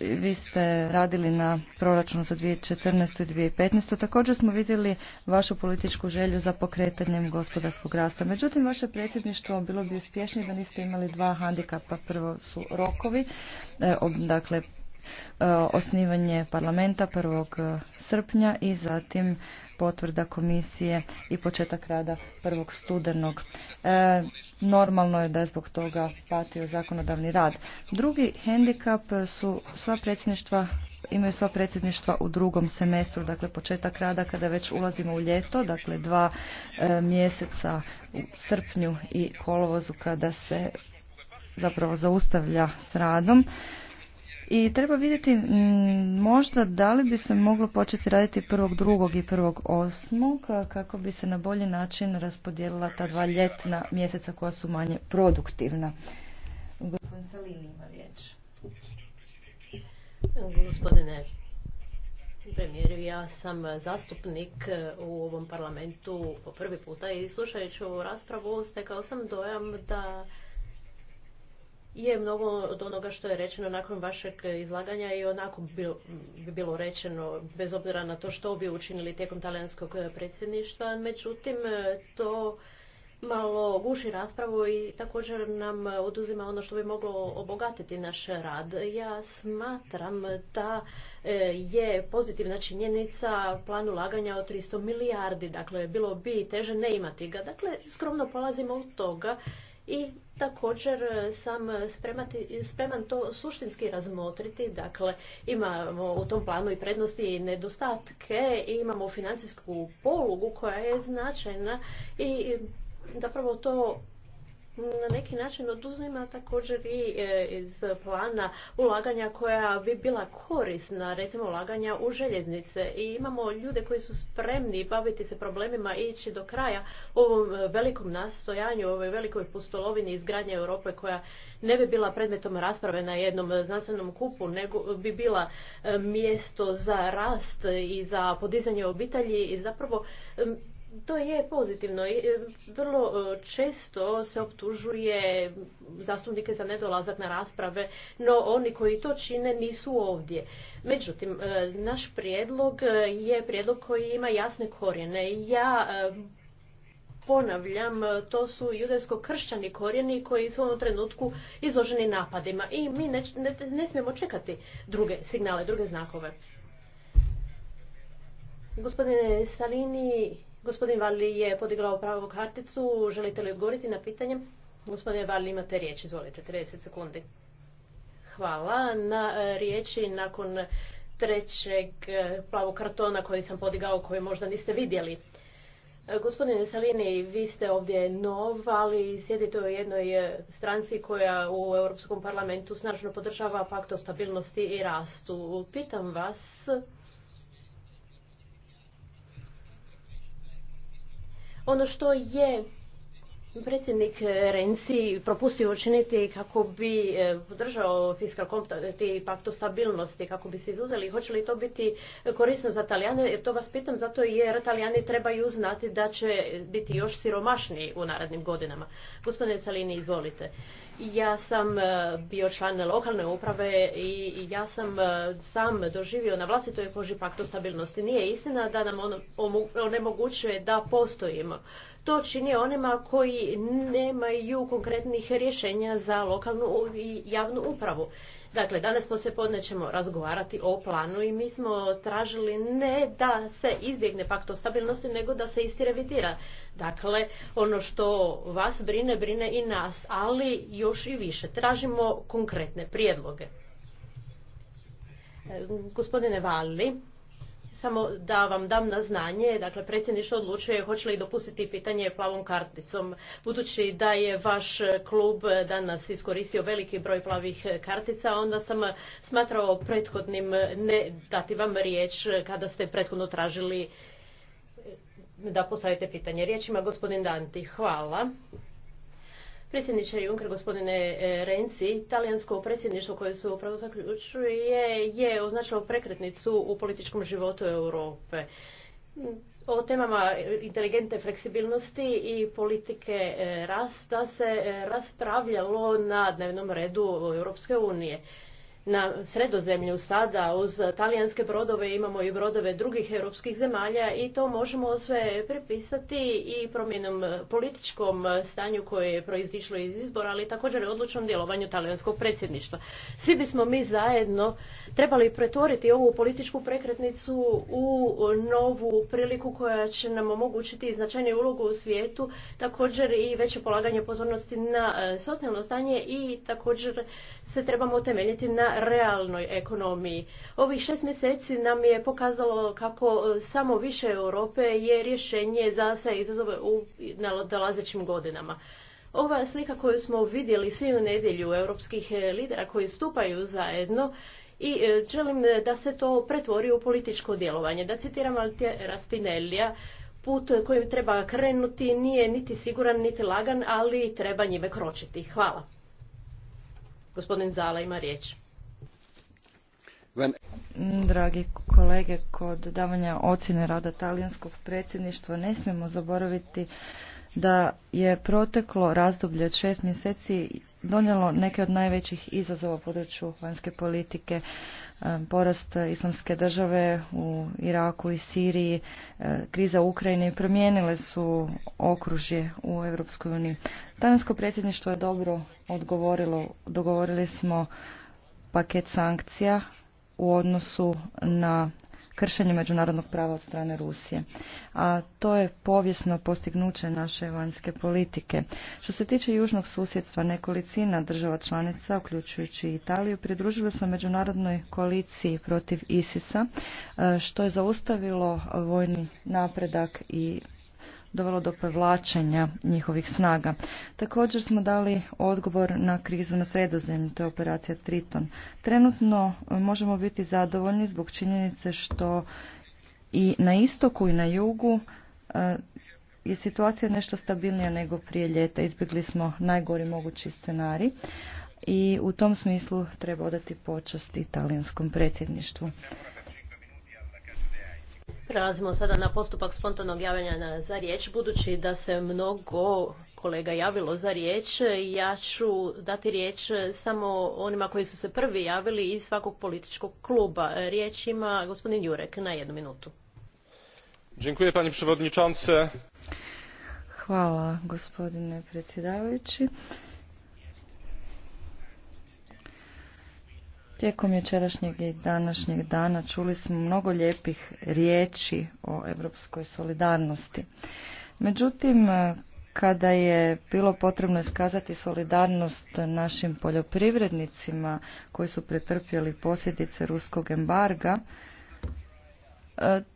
vi ste radili na proračunu za 2014. i 2015. Također smo vidjeli vašu političku želju za pokretanjem gospodarskog rasta. Međutim, vaše predsjedništvo bilo bi uspješnije da niste imali dva handikapa. Prvo su rokovi, e, dakle, osnivanje parlamenta 1. srpnja i zatim potvrda komisije i početak rada prvog studenog. E, normalno je da je zbog toga patio zakonodavni rad. Drugi hendikap su sva predsjedništva imaju sva predsjedništva u drugom semestru, dakle početak rada kada već ulazimo u ljeto, dakle dva e, mjeseca u srpnju i kolovozu kada se zapravo zaustavlja s radom. I treba vidjeti možda da li bi se moglo početi raditi prvog drugog i prvog osmog kako bi se na bolji način raspodijelila ta dva ljetna mjeseca koja su manje produktivna. Gospodin Salini ima riječ. Gospodine premijeru, ja sam zastupnik e, u ovom parlamentu po prvi puta i slušajući ovu raspravu stekao sam dojam da je mnogo od onoga što je rečeno nakon vašeg izlaganja i onako bi bilo rečeno bez obzira na to što bi učinili tijekom talijanskog predsjedništva. Međutim, to malo guši raspravu i također nam oduzima ono što bi moglo obogatiti naš rad. Ja smatram da e, je pozitivna činjenica plan ulaganja od 300 milijardi, dakle bilo bi teže ne imati ga. Dakle, skromno polazimo od toga i također e, sam e, spreman to suštinski razmotriti. Dakle, imamo u tom planu i prednosti i nedostatke i imamo financijsku polugu koja je značajna i zapravo to na neki način oduzima također i e, iz plana ulaganja koja bi bila korisna, recimo ulaganja u željeznice. I imamo ljude koji su spremni baviti se problemima i ići do kraja ovom e, velikom nastojanju, ovoj velikoj pustolovini izgradnje Europe koja ne bi bila predmetom rasprave na jednom znanstvenom kupu, nego bi bila e, mjesto za rast i za podizanje obitelji i zapravo to je pozitivno. E, vrlo e, često se optužuje zastupnike za nedolazak na rasprave, no oni koji to čine nisu ovdje. Međutim, e, naš prijedlog je prijedlog koji ima jasne korijene. Ja ponavljam, to su judejsko-kršćani korijeni koji su u ovom trenutku izloženi napadima i mi ne, ne smijemo čekati druge signale, druge znakove. Gospodine Salini, Gospodin Vali je podigao pravu karticu. Želite li odgovoriti na pitanje? Gospodine Vali, imate riječ. Izvolite, 30 sekundi. Hvala na e, riječi nakon trećeg e, plavog kartona koji sam podigao, koji možda niste vidjeli. E, gospodine Salini, vi ste ovdje nov, ali sjedite u jednoj stranci koja u Europskom parlamentu snažno podržava fakto stabilnosti i rastu. Pitam vas, Ono što je Predsjednik Renci propustio učiniti kako bi e, podržao fiskal kompakt i stabilnosti, kako bi se izuzeli. Hoće li to biti korisno za Talijane? E, to vas pitam zato jer Italijani trebaju znati da će biti još siromašniji u narednim godinama. Gospodine Salini, izvolite. Ja sam e, bio član lokalne uprave i ja sam sam doživio na vlastitoj koži paktu stabilnosti. Nije istina da nam on onemogućuje da postojimo to čini onima koji nemaju konkretnih rješenja za lokalnu i javnu upravu. Dakle, danas poslijepodne ćemo razgovarati o planu i mi smo tražili ne da se izbjegne pakt o stabilnosti, nego da se isti revidira. Dakle, ono što vas brine, brine i nas, ali još i više. Tražimo konkretne prijedloge. E, gospodine Valli, samo da vam dam na znanje, dakle predsjedništvo odlučuje hoće li dopustiti pitanje plavom karticom. Budući da je vaš klub danas iskoristio veliki broj plavih kartica, onda sam smatrao prethodnim ne dati vam riječ kada ste prethodno tražili da postavite pitanje. riječima. gospodin Danti. Hvala. Predsjedniče Juncker, gospodine e, Renzi, talijansko predsjedništvo koje se upravo zaključuje je označilo prekretnicu u političkom životu Europe. O temama inteligentne fleksibilnosti i politike e, rasta se e, raspravljalo na dnevnom redu Europske unije na sredozemlju sada uz talijanske brodove imamo i brodove drugih europskih zemalja i to možemo sve prepisati i promjenom političkom stanju koje je proizišlo iz izbora, ali također i odlučnom djelovanju talijanskog predsjedništva. Svi bismo mi zajedno trebali pretvoriti ovu političku prekretnicu u novu priliku koja će nam omogućiti značajniju ulogu u svijetu, također i veće polaganje pozornosti na e, socijalno stanje i također se trebamo temeljiti na realnoj ekonomiji. Ovih šest mjeseci nam je pokazalo kako e, samo više Europe je rješenje za sve izazove u nalazećim godinama. Ova slika koju smo vidjeli svi u nedjelju europskih e, lidera koji stupaju zajedno i e, želim da se to pretvori u političko djelovanje. Da citiram Raspinelija, raspinellija put kojim treba krenuti nije niti siguran niti lagan, ali treba njime kročiti. Hvala. Gospodin Zala ima riječ. Dragi kolege, kod davanja ocjene rada talijanskog predsjedništva ne smijemo zaboraviti da je proteklo razdoblje od šest mjeseci donijelo neke od najvećih izazova u području vanjske politike, e, porast islamske države u Iraku i Siriji, e, kriza u Ukrajini promijenile su okružje u Europskoj uniji. Talijansko predsjedništvo je dobro odgovorilo, dogovorili smo paket sankcija u odnosu na kršenje međunarodnog prava od strane Rusije. A to je povijesno postignuće naše vanjske politike. Što se tiče južnog susjedstva, nekolicina država članica, uključujući Italiju, pridružili smo međunarodnoj koaliciji protiv ISIS-a, e, što je zaustavilo vojni napredak i dovelo do povlačenja njihovih snaga. Također smo dali odgovor na krizu na sredozemlju, to je operacija Triton. Trenutno e, možemo biti zadovoljni zbog činjenice što i na istoku i na jugu e, je situacija nešto stabilnija nego prije ljeta. Izbjegli smo najgori mogući scenari i u tom smislu treba odati počast italijanskom predsjedništvu. Prelazimo sada na postupak spontanog javljanja za riječ. Budući da se mnogo kolega javilo za riječ, ja ću dati riječ samo onima koji su se prvi javili iz svakog političkog kluba. Riječ ima gospodin Jurek na jednu minutu. Dziękuję, Hvala, gospodine predsjedavajući. Tijekom jučerašnjeg i današnjeg dana čuli smo mnogo lijepih riječi o europskoj solidarnosti. Međutim, kada je bilo potrebno iskazati solidarnost našim poljoprivrednicima koji su pretrpjeli posljedice ruskog embarga,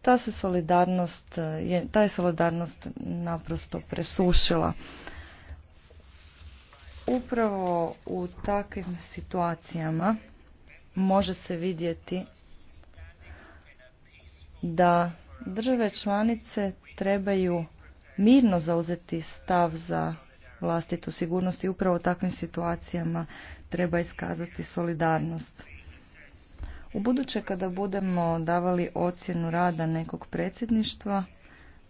ta se solidarnost, je, ta je solidarnost naprosto presušila. Upravo u takvim situacijama može se vidjeti da države članice trebaju mirno zauzeti stav za vlastitu sigurnost i upravo u takvim situacijama treba iskazati solidarnost. U buduće kada budemo davali ocjenu rada nekog predsjedništva,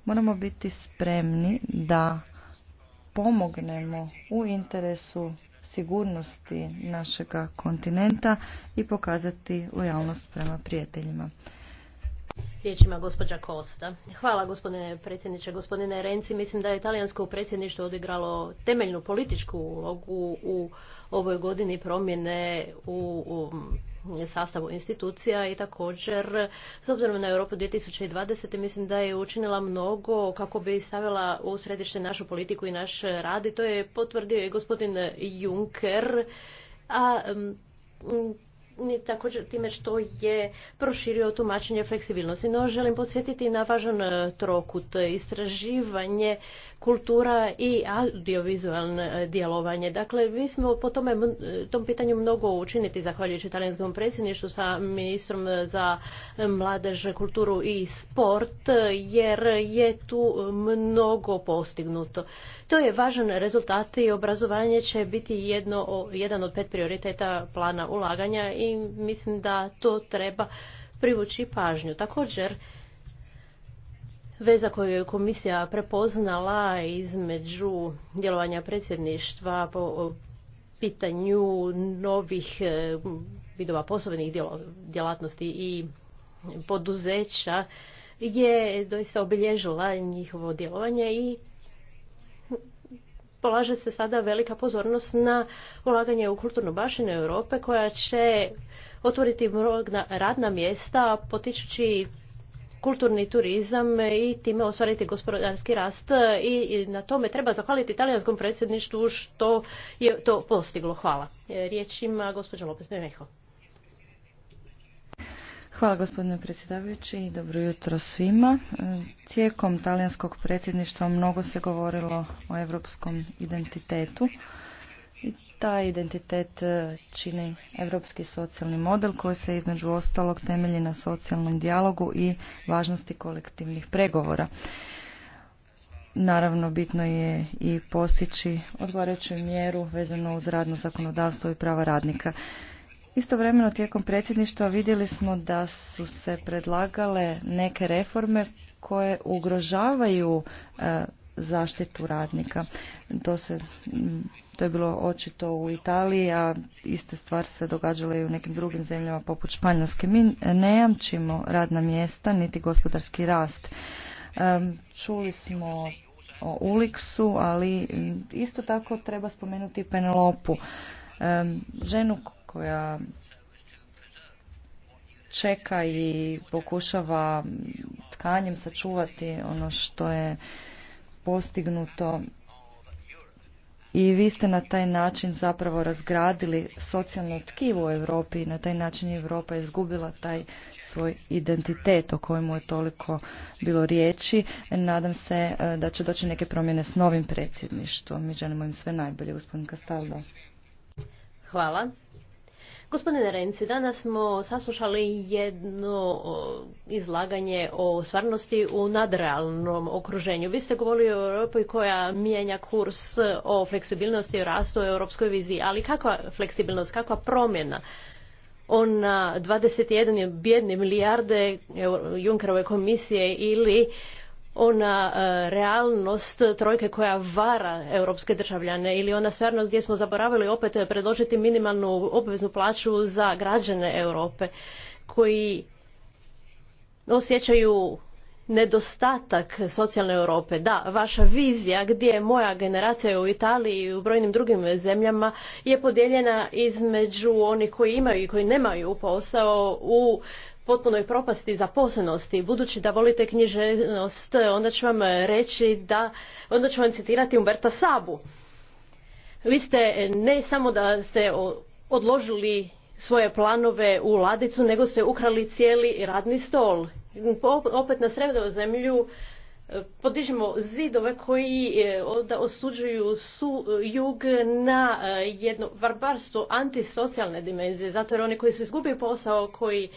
moramo biti spremni da pomognemo u interesu sigurnosti našega kontinenta i pokazati lojalnost prema prijateljima. ima gospođa Kosta. Hvala gospodine predsjedniče, gospodine Renci. Mislim da je italijansko predsjedništvo odigralo temeljnu političku ulogu u ovoj godini promjene u sastavu institucija i također s obzirom na Europu 2020 mislim da je učinila mnogo kako bi stavila u središte našu politiku i naš rad i to je potvrdio i gospodin Juncker a također time što je proširio tumačenje fleksibilnosti. No, želim podsjetiti na važan e, trokut, e, istraživanje kultura i audiovizualne e, djelovanje. Dakle, mi smo po tome, tom pitanju mnogo učiniti zahvaljujući talijanskom predsjedništvu sa ministrom za mladež, kulturu i sport, jer je tu mnogo postignuto. To je važan rezultat i obrazovanje će biti jedno, jedan od pet prioriteta plana ulaganja i mislim da to treba privući pažnju. Također, Veza koju je komisija prepoznala između djelovanja predsjedništva po pitanju novih e, vidova poslovnih djelatnosti i poduzeća je doista obilježila njihovo djelovanje i polaže se sada velika pozornost na ulaganje u kulturnu baštinu Europe koja će otvoriti mnoga radna mjesta potičući kulturni turizam i time ostvariti gospodarski rast i na tome treba zahvaliti talijanskom predsjedništvu što je to postiglo. Hvala. Riječ ima gospođa Lopez Memeho. Hvala gospodine predsjedavajući i dobro jutro svima. Tijekom talijanskog predsjedništva mnogo se govorilo o europskom identitetu. I taj identitet e, čini europski socijalni model koji se između ostalog temelji na socijalnom dijalogu i važnosti kolektivnih pregovora. Naravno, bitno je i postići odgovarajuću mjeru vezano uz radno zakonodavstvo i prava radnika. Istovremeno tijekom predsjedništva vidjeli smo da su se predlagale neke reforme koje ugrožavaju e, zaštitu radnika. To, se, to je bilo očito u Italiji, a iste stvari se događale i u nekim drugim zemljama poput Španjolske. Mi ne jamčimo radna mjesta, niti gospodarski rast. E, čuli smo o Uliksu, ali isto tako treba spomenuti Penelopu e, ženu koja čeka i pokušava tkanjem sačuvati ono što je postignuto i vi ste na taj način zapravo razgradili socijalno tkivo u Europi i na taj način je izgubila taj svoj identitet o kojemu je toliko bilo riječi. Nadam se e, da će doći neke promjene s novim predsjedništvom. Mi želimo im sve najbolje, gospodin Kastaldo. Hvala. Gospodine Renci, danas smo saslušali jedno izlaganje o stvarnosti u nadrealnom okruženju. Vi ste govorili o Europi koja mijenja kurs o fleksibilnosti i rastu u europskoj viziji, ali kakva fleksibilnost, kakva promjena? Ona 21 bijedne milijarde Junkerove komisije ili ona e, realnost trojke koja vara europske državljane ili ona stvarnost gdje smo zaboravili opet predložiti minimalnu obveznu plaću za građane Europe koji osjećaju nedostatak socijalne Europe. Da, vaša vizija gdje je moja generacija u Italiji i u brojnim drugim zemljama je podijeljena između onih koji imaju i koji nemaju posao u potpunoj propasti zaposlenosti. Budući da volite književnost, onda ću vam reći da, onda ću vam citirati Umberta Sabu. Vi ste ne samo da ste odložili svoje planove u ladicu, nego ste ukrali cijeli radni stol. Opet na sredozemlju zemlju podižemo zidove koji e, osuđuju su, jug na e, jedno barbarstvo antisocijalne dimenzije, zato jer oni koji su izgubili posao, koji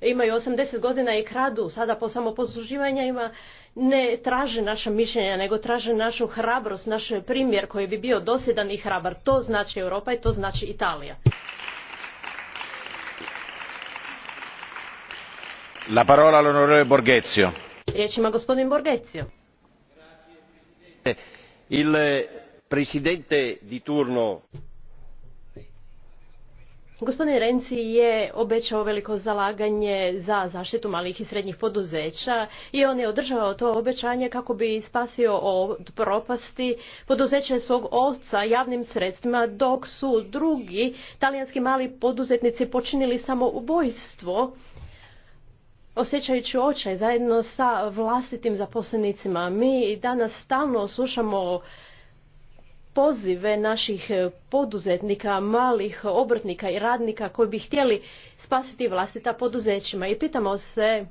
imaju 80 godina i kradu sada po samoposluživanjima ne traže naša mišljenja nego traže našu hrabrost, naš primjer koji bi bio dosjedan i hrabar. To znači Europa i to znači Italija. La parola all'onorevole Borghezio. Riječ ima gospodin Borghezio. Il presidente di turno Gospodin Renci je obećao veliko zalaganje za zaštitu malih i srednjih poduzeća i on je održao to obećanje kako bi spasio od propasti poduzeće svog oca javnim sredstvima dok su drugi talijanski mali poduzetnici počinili samoubojstvo osjećajući očaj zajedno sa vlastitim zaposlenicima. Mi danas stalno slušamo pozive naših e, poduzetnika, malih obrtnika i radnika koji bi htjeli spasiti vlastita poduzećima. I pitamo se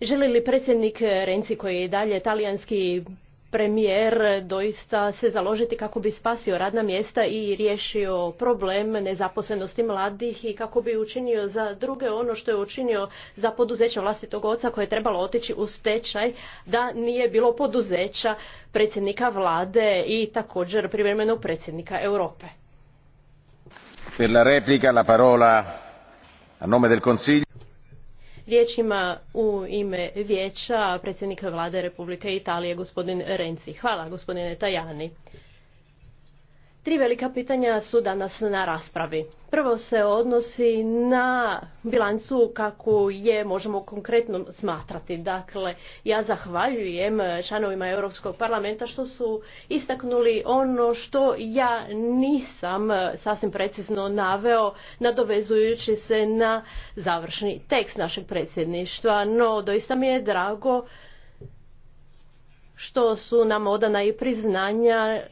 želi li predsjednik Renci koji je i dalje talijanski premijer doista se založiti kako bi spasio radna mjesta i riješio problem nezaposlenosti mladih i kako bi učinio za druge ono što je učinio za poduzeća vlastitog oca koje je trebalo otići u stečaj da nije bilo poduzeća predsjednika vlade i također privremenog predsjednika Europe. Per la la parola a nome del riječima u ime vijeća predsjednika vlade Republike Italije gospodin Renzi. Hvala gospodine Tajani. Tri velika pitanja su danas na raspravi. Prvo se odnosi na bilancu kako je možemo konkretno smatrati. Dakle, ja zahvaljujem članovima Europskog parlamenta što su istaknuli ono što ja nisam sasvim precizno naveo, nadovezujući se na završni tekst našeg predsjedništva, no doista mi je drago što su nam odana i priznanja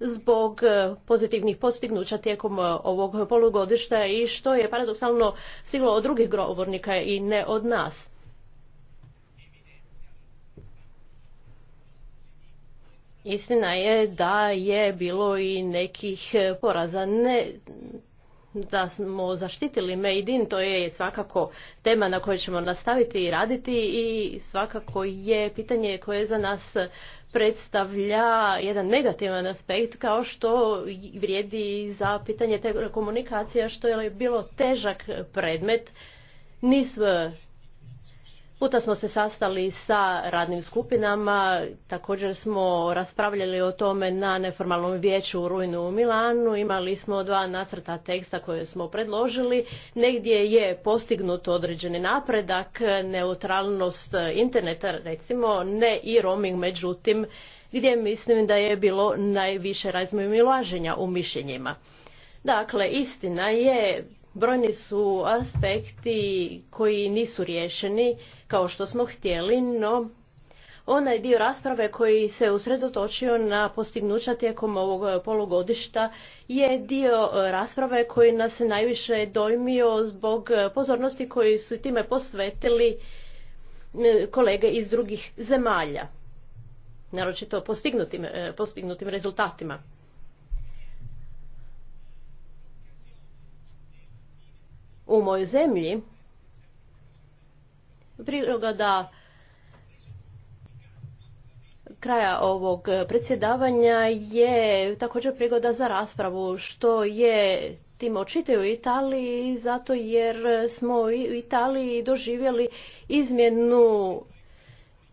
zbog e, pozitivnih postignuća tijekom e, ovog polugodišta i što je paradoksalno stiglo od drugih govornika i ne od nas. Istina je da je bilo i nekih poraza, ne da smo zaštitili Made in, to je svakako tema na kojoj ćemo nastaviti i raditi i svakako je pitanje koje za nas predstavlja jedan negativan aspekt kao što vrijedi za pitanje telekomunikacija što je bilo težak predmet. Niz puta smo se sastali sa radnim skupinama, također smo raspravljali o tome na neformalnom vijeću u Rujnu u Milanu, imali smo dva nacrta teksta koje smo predložili, negdje je postignut određeni napredak, neutralnost interneta recimo, ne i roaming međutim, gdje mislim da je bilo najviše razmimoilaženja u mišljenjima. Dakle, istina je Brojni su aspekti koji nisu riješeni kao što smo htjeli, no onaj dio rasprave koji se usredotočio na postignuća tijekom ovog polugodišta je dio rasprave koji nas najviše dojmio zbog pozornosti koji su time posvetili kolege iz drugih zemalja, naročito postignutim e, rezultatima. u mojoj zemlji prigoda kraja ovog predsjedavanja je također prigoda za raspravu što je tim očite u Italiji zato jer smo u Italiji doživjeli izmjenu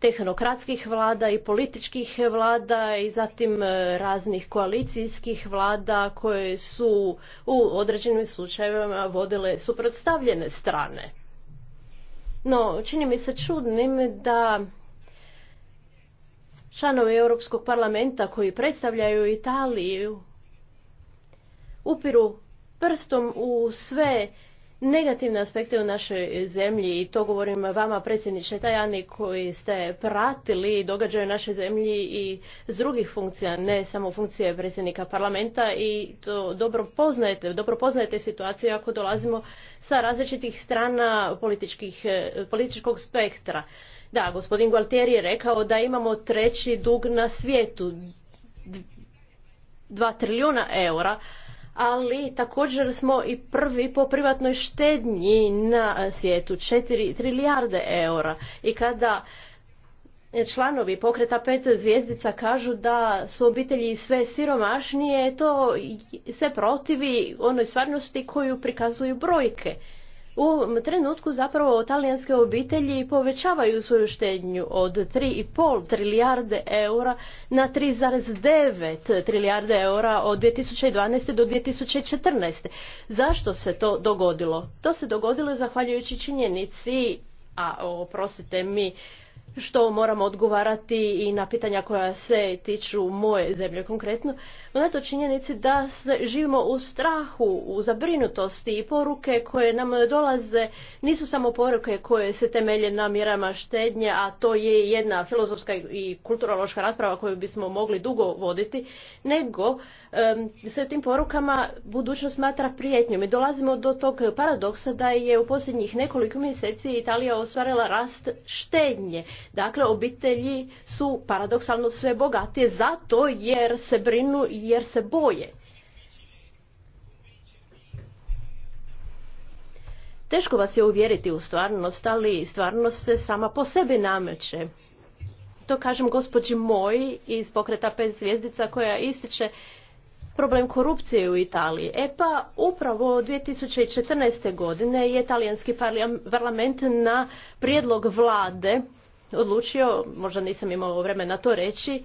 tehnokratskih vlada i političkih vlada i zatim e, raznih koalicijskih vlada koje su u određenim slučajevima vodile suprotstavljene strane. No, čini mi se čudnim da članovi Europskog parlamenta koji predstavljaju Italiju upiru prstom u sve negativne aspekte u našoj zemlji i to govorim vama predsjedniče Tajani koji ste pratili događaje u našoj zemlji i s drugih funkcija, ne samo funkcije predsjednika parlamenta i to dobro poznajete, dobro poznajete situaciju ako dolazimo sa različitih strana e, političkog spektra. Da, gospodin Gualtieri je rekao da imamo treći dug na svijetu, dva trilijuna eura, ali također smo i prvi po privatnoj štednji na svijetu, 4 trilijarde eura. I kada članovi pokreta pet zvijezdica kažu da su obitelji sve siromašnije, to se protivi onoj stvarnosti koju prikazuju brojke. U trenutku zapravo talijanske obitelji povećavaju svoju štednju od 3,5 trilijarde eura na 3,9 trilijarde eura od 2012. do 2014. Zašto se to dogodilo? To se dogodilo zahvaljujući činjenici, a oprostite mi, što moramo odgovarati i na pitanja koja se tiču moje zemlje konkretno, to činjenici da živimo u strahu, u zabrinutosti i poruke koje nam dolaze nisu samo poruke koje se temelje na mjerama štednje, a to je jedna filozofska i kulturološka rasprava koju bismo mogli dugo voditi, nego sve tim porukama budućnost smatra prijetnjom i dolazimo do tog paradoksa da je u posljednjih nekoliko mjeseci Italija ostvarila rast štednje. Dakle, obitelji su paradoksalno sve bogatije zato jer se brinu i jer se boje. Teško vas je uvjeriti u stvarnost, ali stvarnost se sama po sebi nameće. To kažem gospođi moji iz pokreta pet zvijezdica koja ističe problem korupcije u Italiji. E pa upravo 2014. godine je talijanski parlament na prijedlog vlade odlučio, možda nisam imao vremena to reći,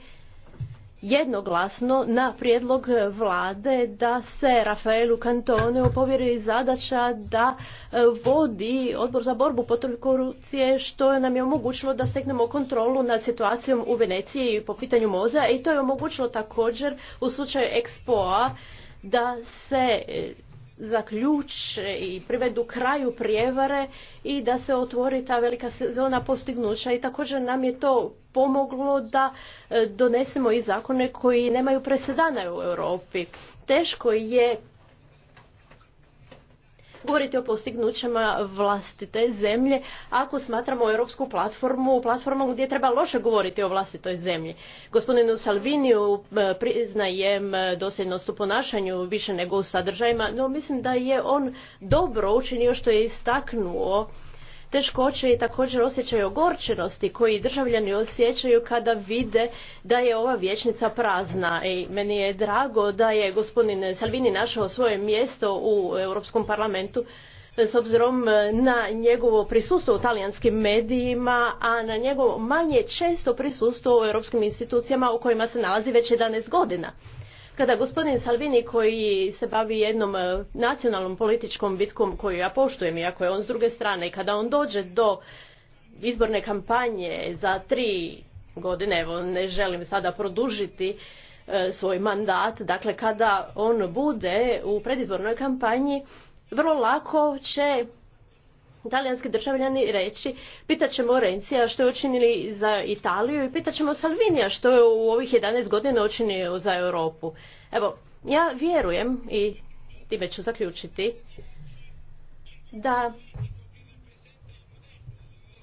jednoglasno na prijedlog vlade da se Rafaelu Cantoneu povjeri zadaća da e, vodi odbor za borbu protiv korupcije što nam je omogućilo da steknemo kontrolu nad situacijom u Veneciji po pitanju moza i to je omogućilo također u slučaju Expoa da se e, zaključe i privedu kraju prijevare i da se otvori ta velika sezona postignuća i također nam je to pomoglo da e, donesemo i zakone koji nemaju presedana u Europi. Teško je govoriti o postignućama vlastite zemlje ako smatramo europsku platformu platformu gdje treba loše govoriti o vlastitoj zemlji. Gospodinu Salviniju e, priznajem e, dosljednost u ponašanju više nego u sadržajima, no mislim da je on dobro učinio što je istaknuo teškoće i također osjećaj ogorčenosti koji državljani osjećaju kada vide da je ova vijećnica prazna. I meni je drago da je gospodin Salvini našao svoje mjesto u Europskom parlamentu s obzirom na njegovo prisustvo u talijanskim medijima, a na njegovo manje često prisustvo u europskim institucijama u kojima se nalazi već 11 godina. Kada gospodin Salvini koji se bavi jednom e, nacionalnom političkom bitkom koju ja poštujem, iako je on s druge strane, i kada on dođe do izborne kampanje za tri godine, evo ne želim sada produžiti e, svoj mandat, dakle kada on bude u predizbornoj kampanji, vrlo lako će italijanski državljani reći pitat ćemo Rencija što je učinili za Italiju i pitat ćemo Salvinija što je u ovih 11 godina učinio za Europu. Evo, ja vjerujem i time ću zaključiti da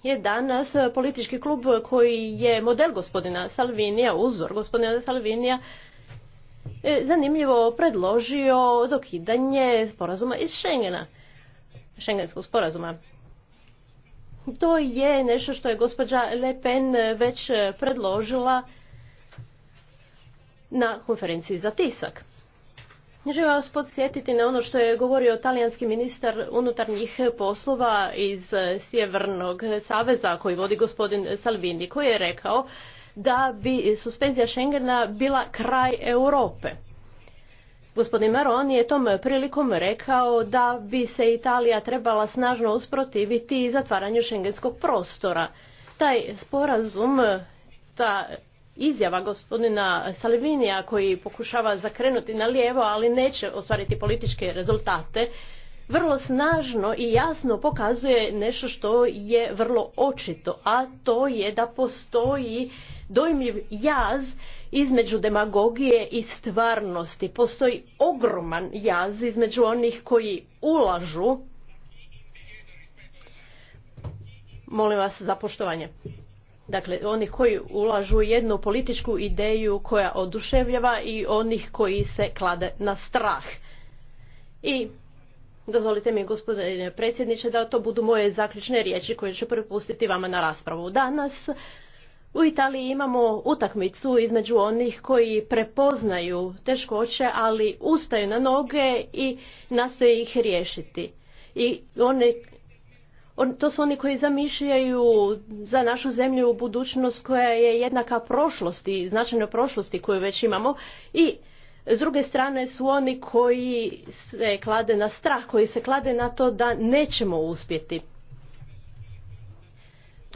je danas politički klub koji je model gospodina Salvinija, uzor gospodina Salvinija, e, zanimljivo predložio dokidanje sporazuma iz Schengena šengenskog sporazuma. To je nešto što je gospođa Le Pen već predložila na konferenciji za tisak. Želim vas podsjetiti na ono što je govorio talijanski ministar unutarnjih poslova iz Sjevernog saveza koji vodi gospodin Salvini koji je rekao da bi suspenzija Schengena bila kraj Europe. Gospodin Maroni je tom prilikom rekao da bi se Italija trebala snažno usprotiviti zatvaranju šengenskog prostora. Taj sporazum, ta izjava gospodina Salvinija koji pokušava zakrenuti na lijevo, ali neće ostvariti političke rezultate, vrlo snažno i jasno pokazuje nešto što je vrlo očito, a to je da postoji dojmljiv jaz između demagogije i stvarnosti. Postoji ogroman jaz između onih koji ulažu. Molim vas za poštovanje. Dakle, onih koji ulažu jednu političku ideju koja oduševljava i onih koji se klade na strah. I Dozvolite mi, gospodine predsjedniče, da to budu moje zaključne riječi koje ću prepustiti vama na raspravu danas. U Italiji imamo utakmicu između onih koji prepoznaju teškoće, ali ustaju na noge i nastoje ih riješiti. I one, on, to su oni koji zamišljaju za našu zemlju budućnost koja je jednaka prošlosti, značajnoj prošlosti koju već imamo i s druge strane su oni koji se klade na strah, koji se klade na to da nećemo uspjeti.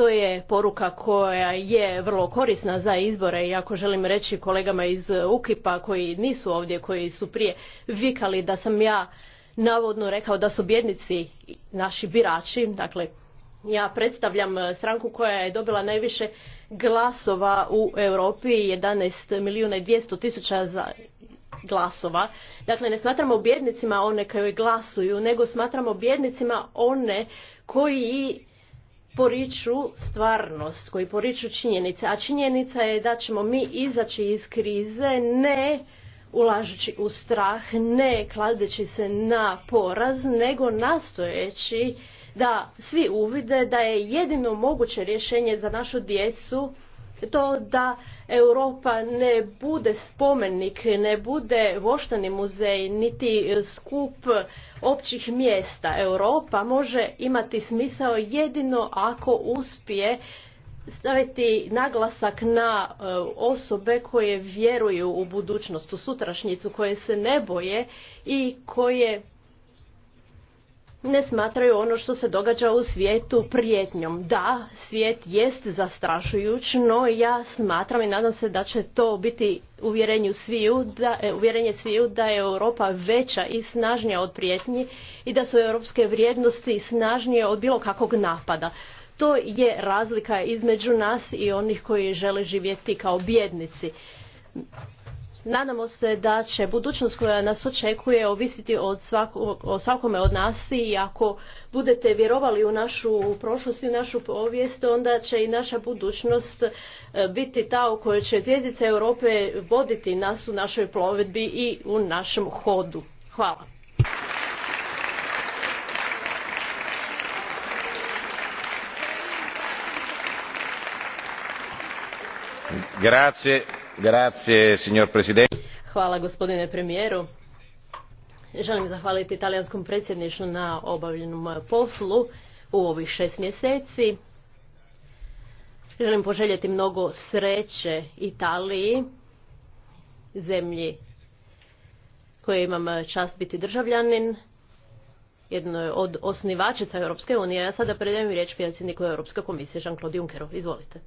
To je poruka koja je vrlo korisna za izbore i ako želim reći kolegama iz UKIP-a koji nisu ovdje, koji su prije vikali da sam ja navodno rekao da su bjednici naši birači, dakle ja predstavljam stranku koja je dobila najviše glasova u Europi, 11 milijuna i 200 tisuća za glasova. Dakle, ne smatramo bjednicima one koji glasuju, nego smatramo bjednicima one koji poriču stvarnost, koji poriču činjenice. A činjenica je da ćemo mi izaći iz krize ne ulažući u strah, ne kladeći se na poraz, nego nastojeći da svi uvide da je jedino moguće rješenje za našu djecu to da Europa ne bude spomenik, ne bude voštani muzej, niti skup općih mjesta. Europa može imati smisao jedino ako uspije staviti naglasak na e, osobe koje vjeruju u budućnost, u sutrašnjicu, koje se ne boje i koje ne smatraju ono što se događa u svijetu prijetnjom. Da, svijet jest zastrašujuć, no ja smatram i nadam se da će to biti uvjerenju e, uvjerenje sviju da je Europa veća i snažnija od prijetnji i da su europske vrijednosti snažnije od bilo kakvog napada. To je razlika između nas i onih koji žele živjeti kao bjednici Nadamo se da će budućnost koja nas očekuje ovisiti o svakome od nas i ako budete vjerovali u našu prošlost i u našu povijest, onda će i naša budućnost e, biti ta u kojoj će zvijezdice Europe voditi nas u našoj plovedbi i u našem hodu. Hvala. Hvala gospodine premijeru. Želim zahvaliti talijanskom predsjedništvu na obavljenom poslu u ovih šest mjeseci. Želim poželjeti mnogo sreće Italiji, zemlji koje imam čast biti državljanin, jednoj od osnivačica Europske unije. Ja sada predajem riječ predsjedniku Europske komisije Jean-Claude Junckeru. Izvolite.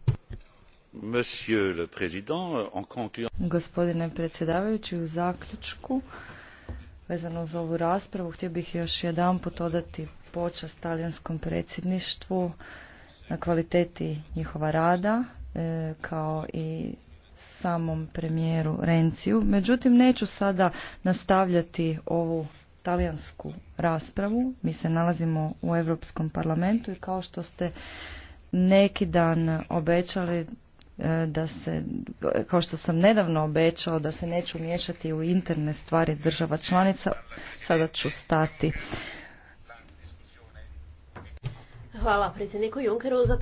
Euh, Gospodine predsjedavajući, u zaključku vezano za ovu raspravu htio bih još jedanput odati počast talijanskom predsjedništvu na kvaliteti njihova rada e, kao i samom premijeru Renciju. Međutim, neću sada nastavljati ovu talijansku raspravu. Mi se nalazimo u Europskom parlamentu i kao što ste neki dan obećali E, da se, kao što sam nedavno obećao da se neću miješati u interne stvari država članica, sada ću stati. Hvala predsjedniku Junkeru za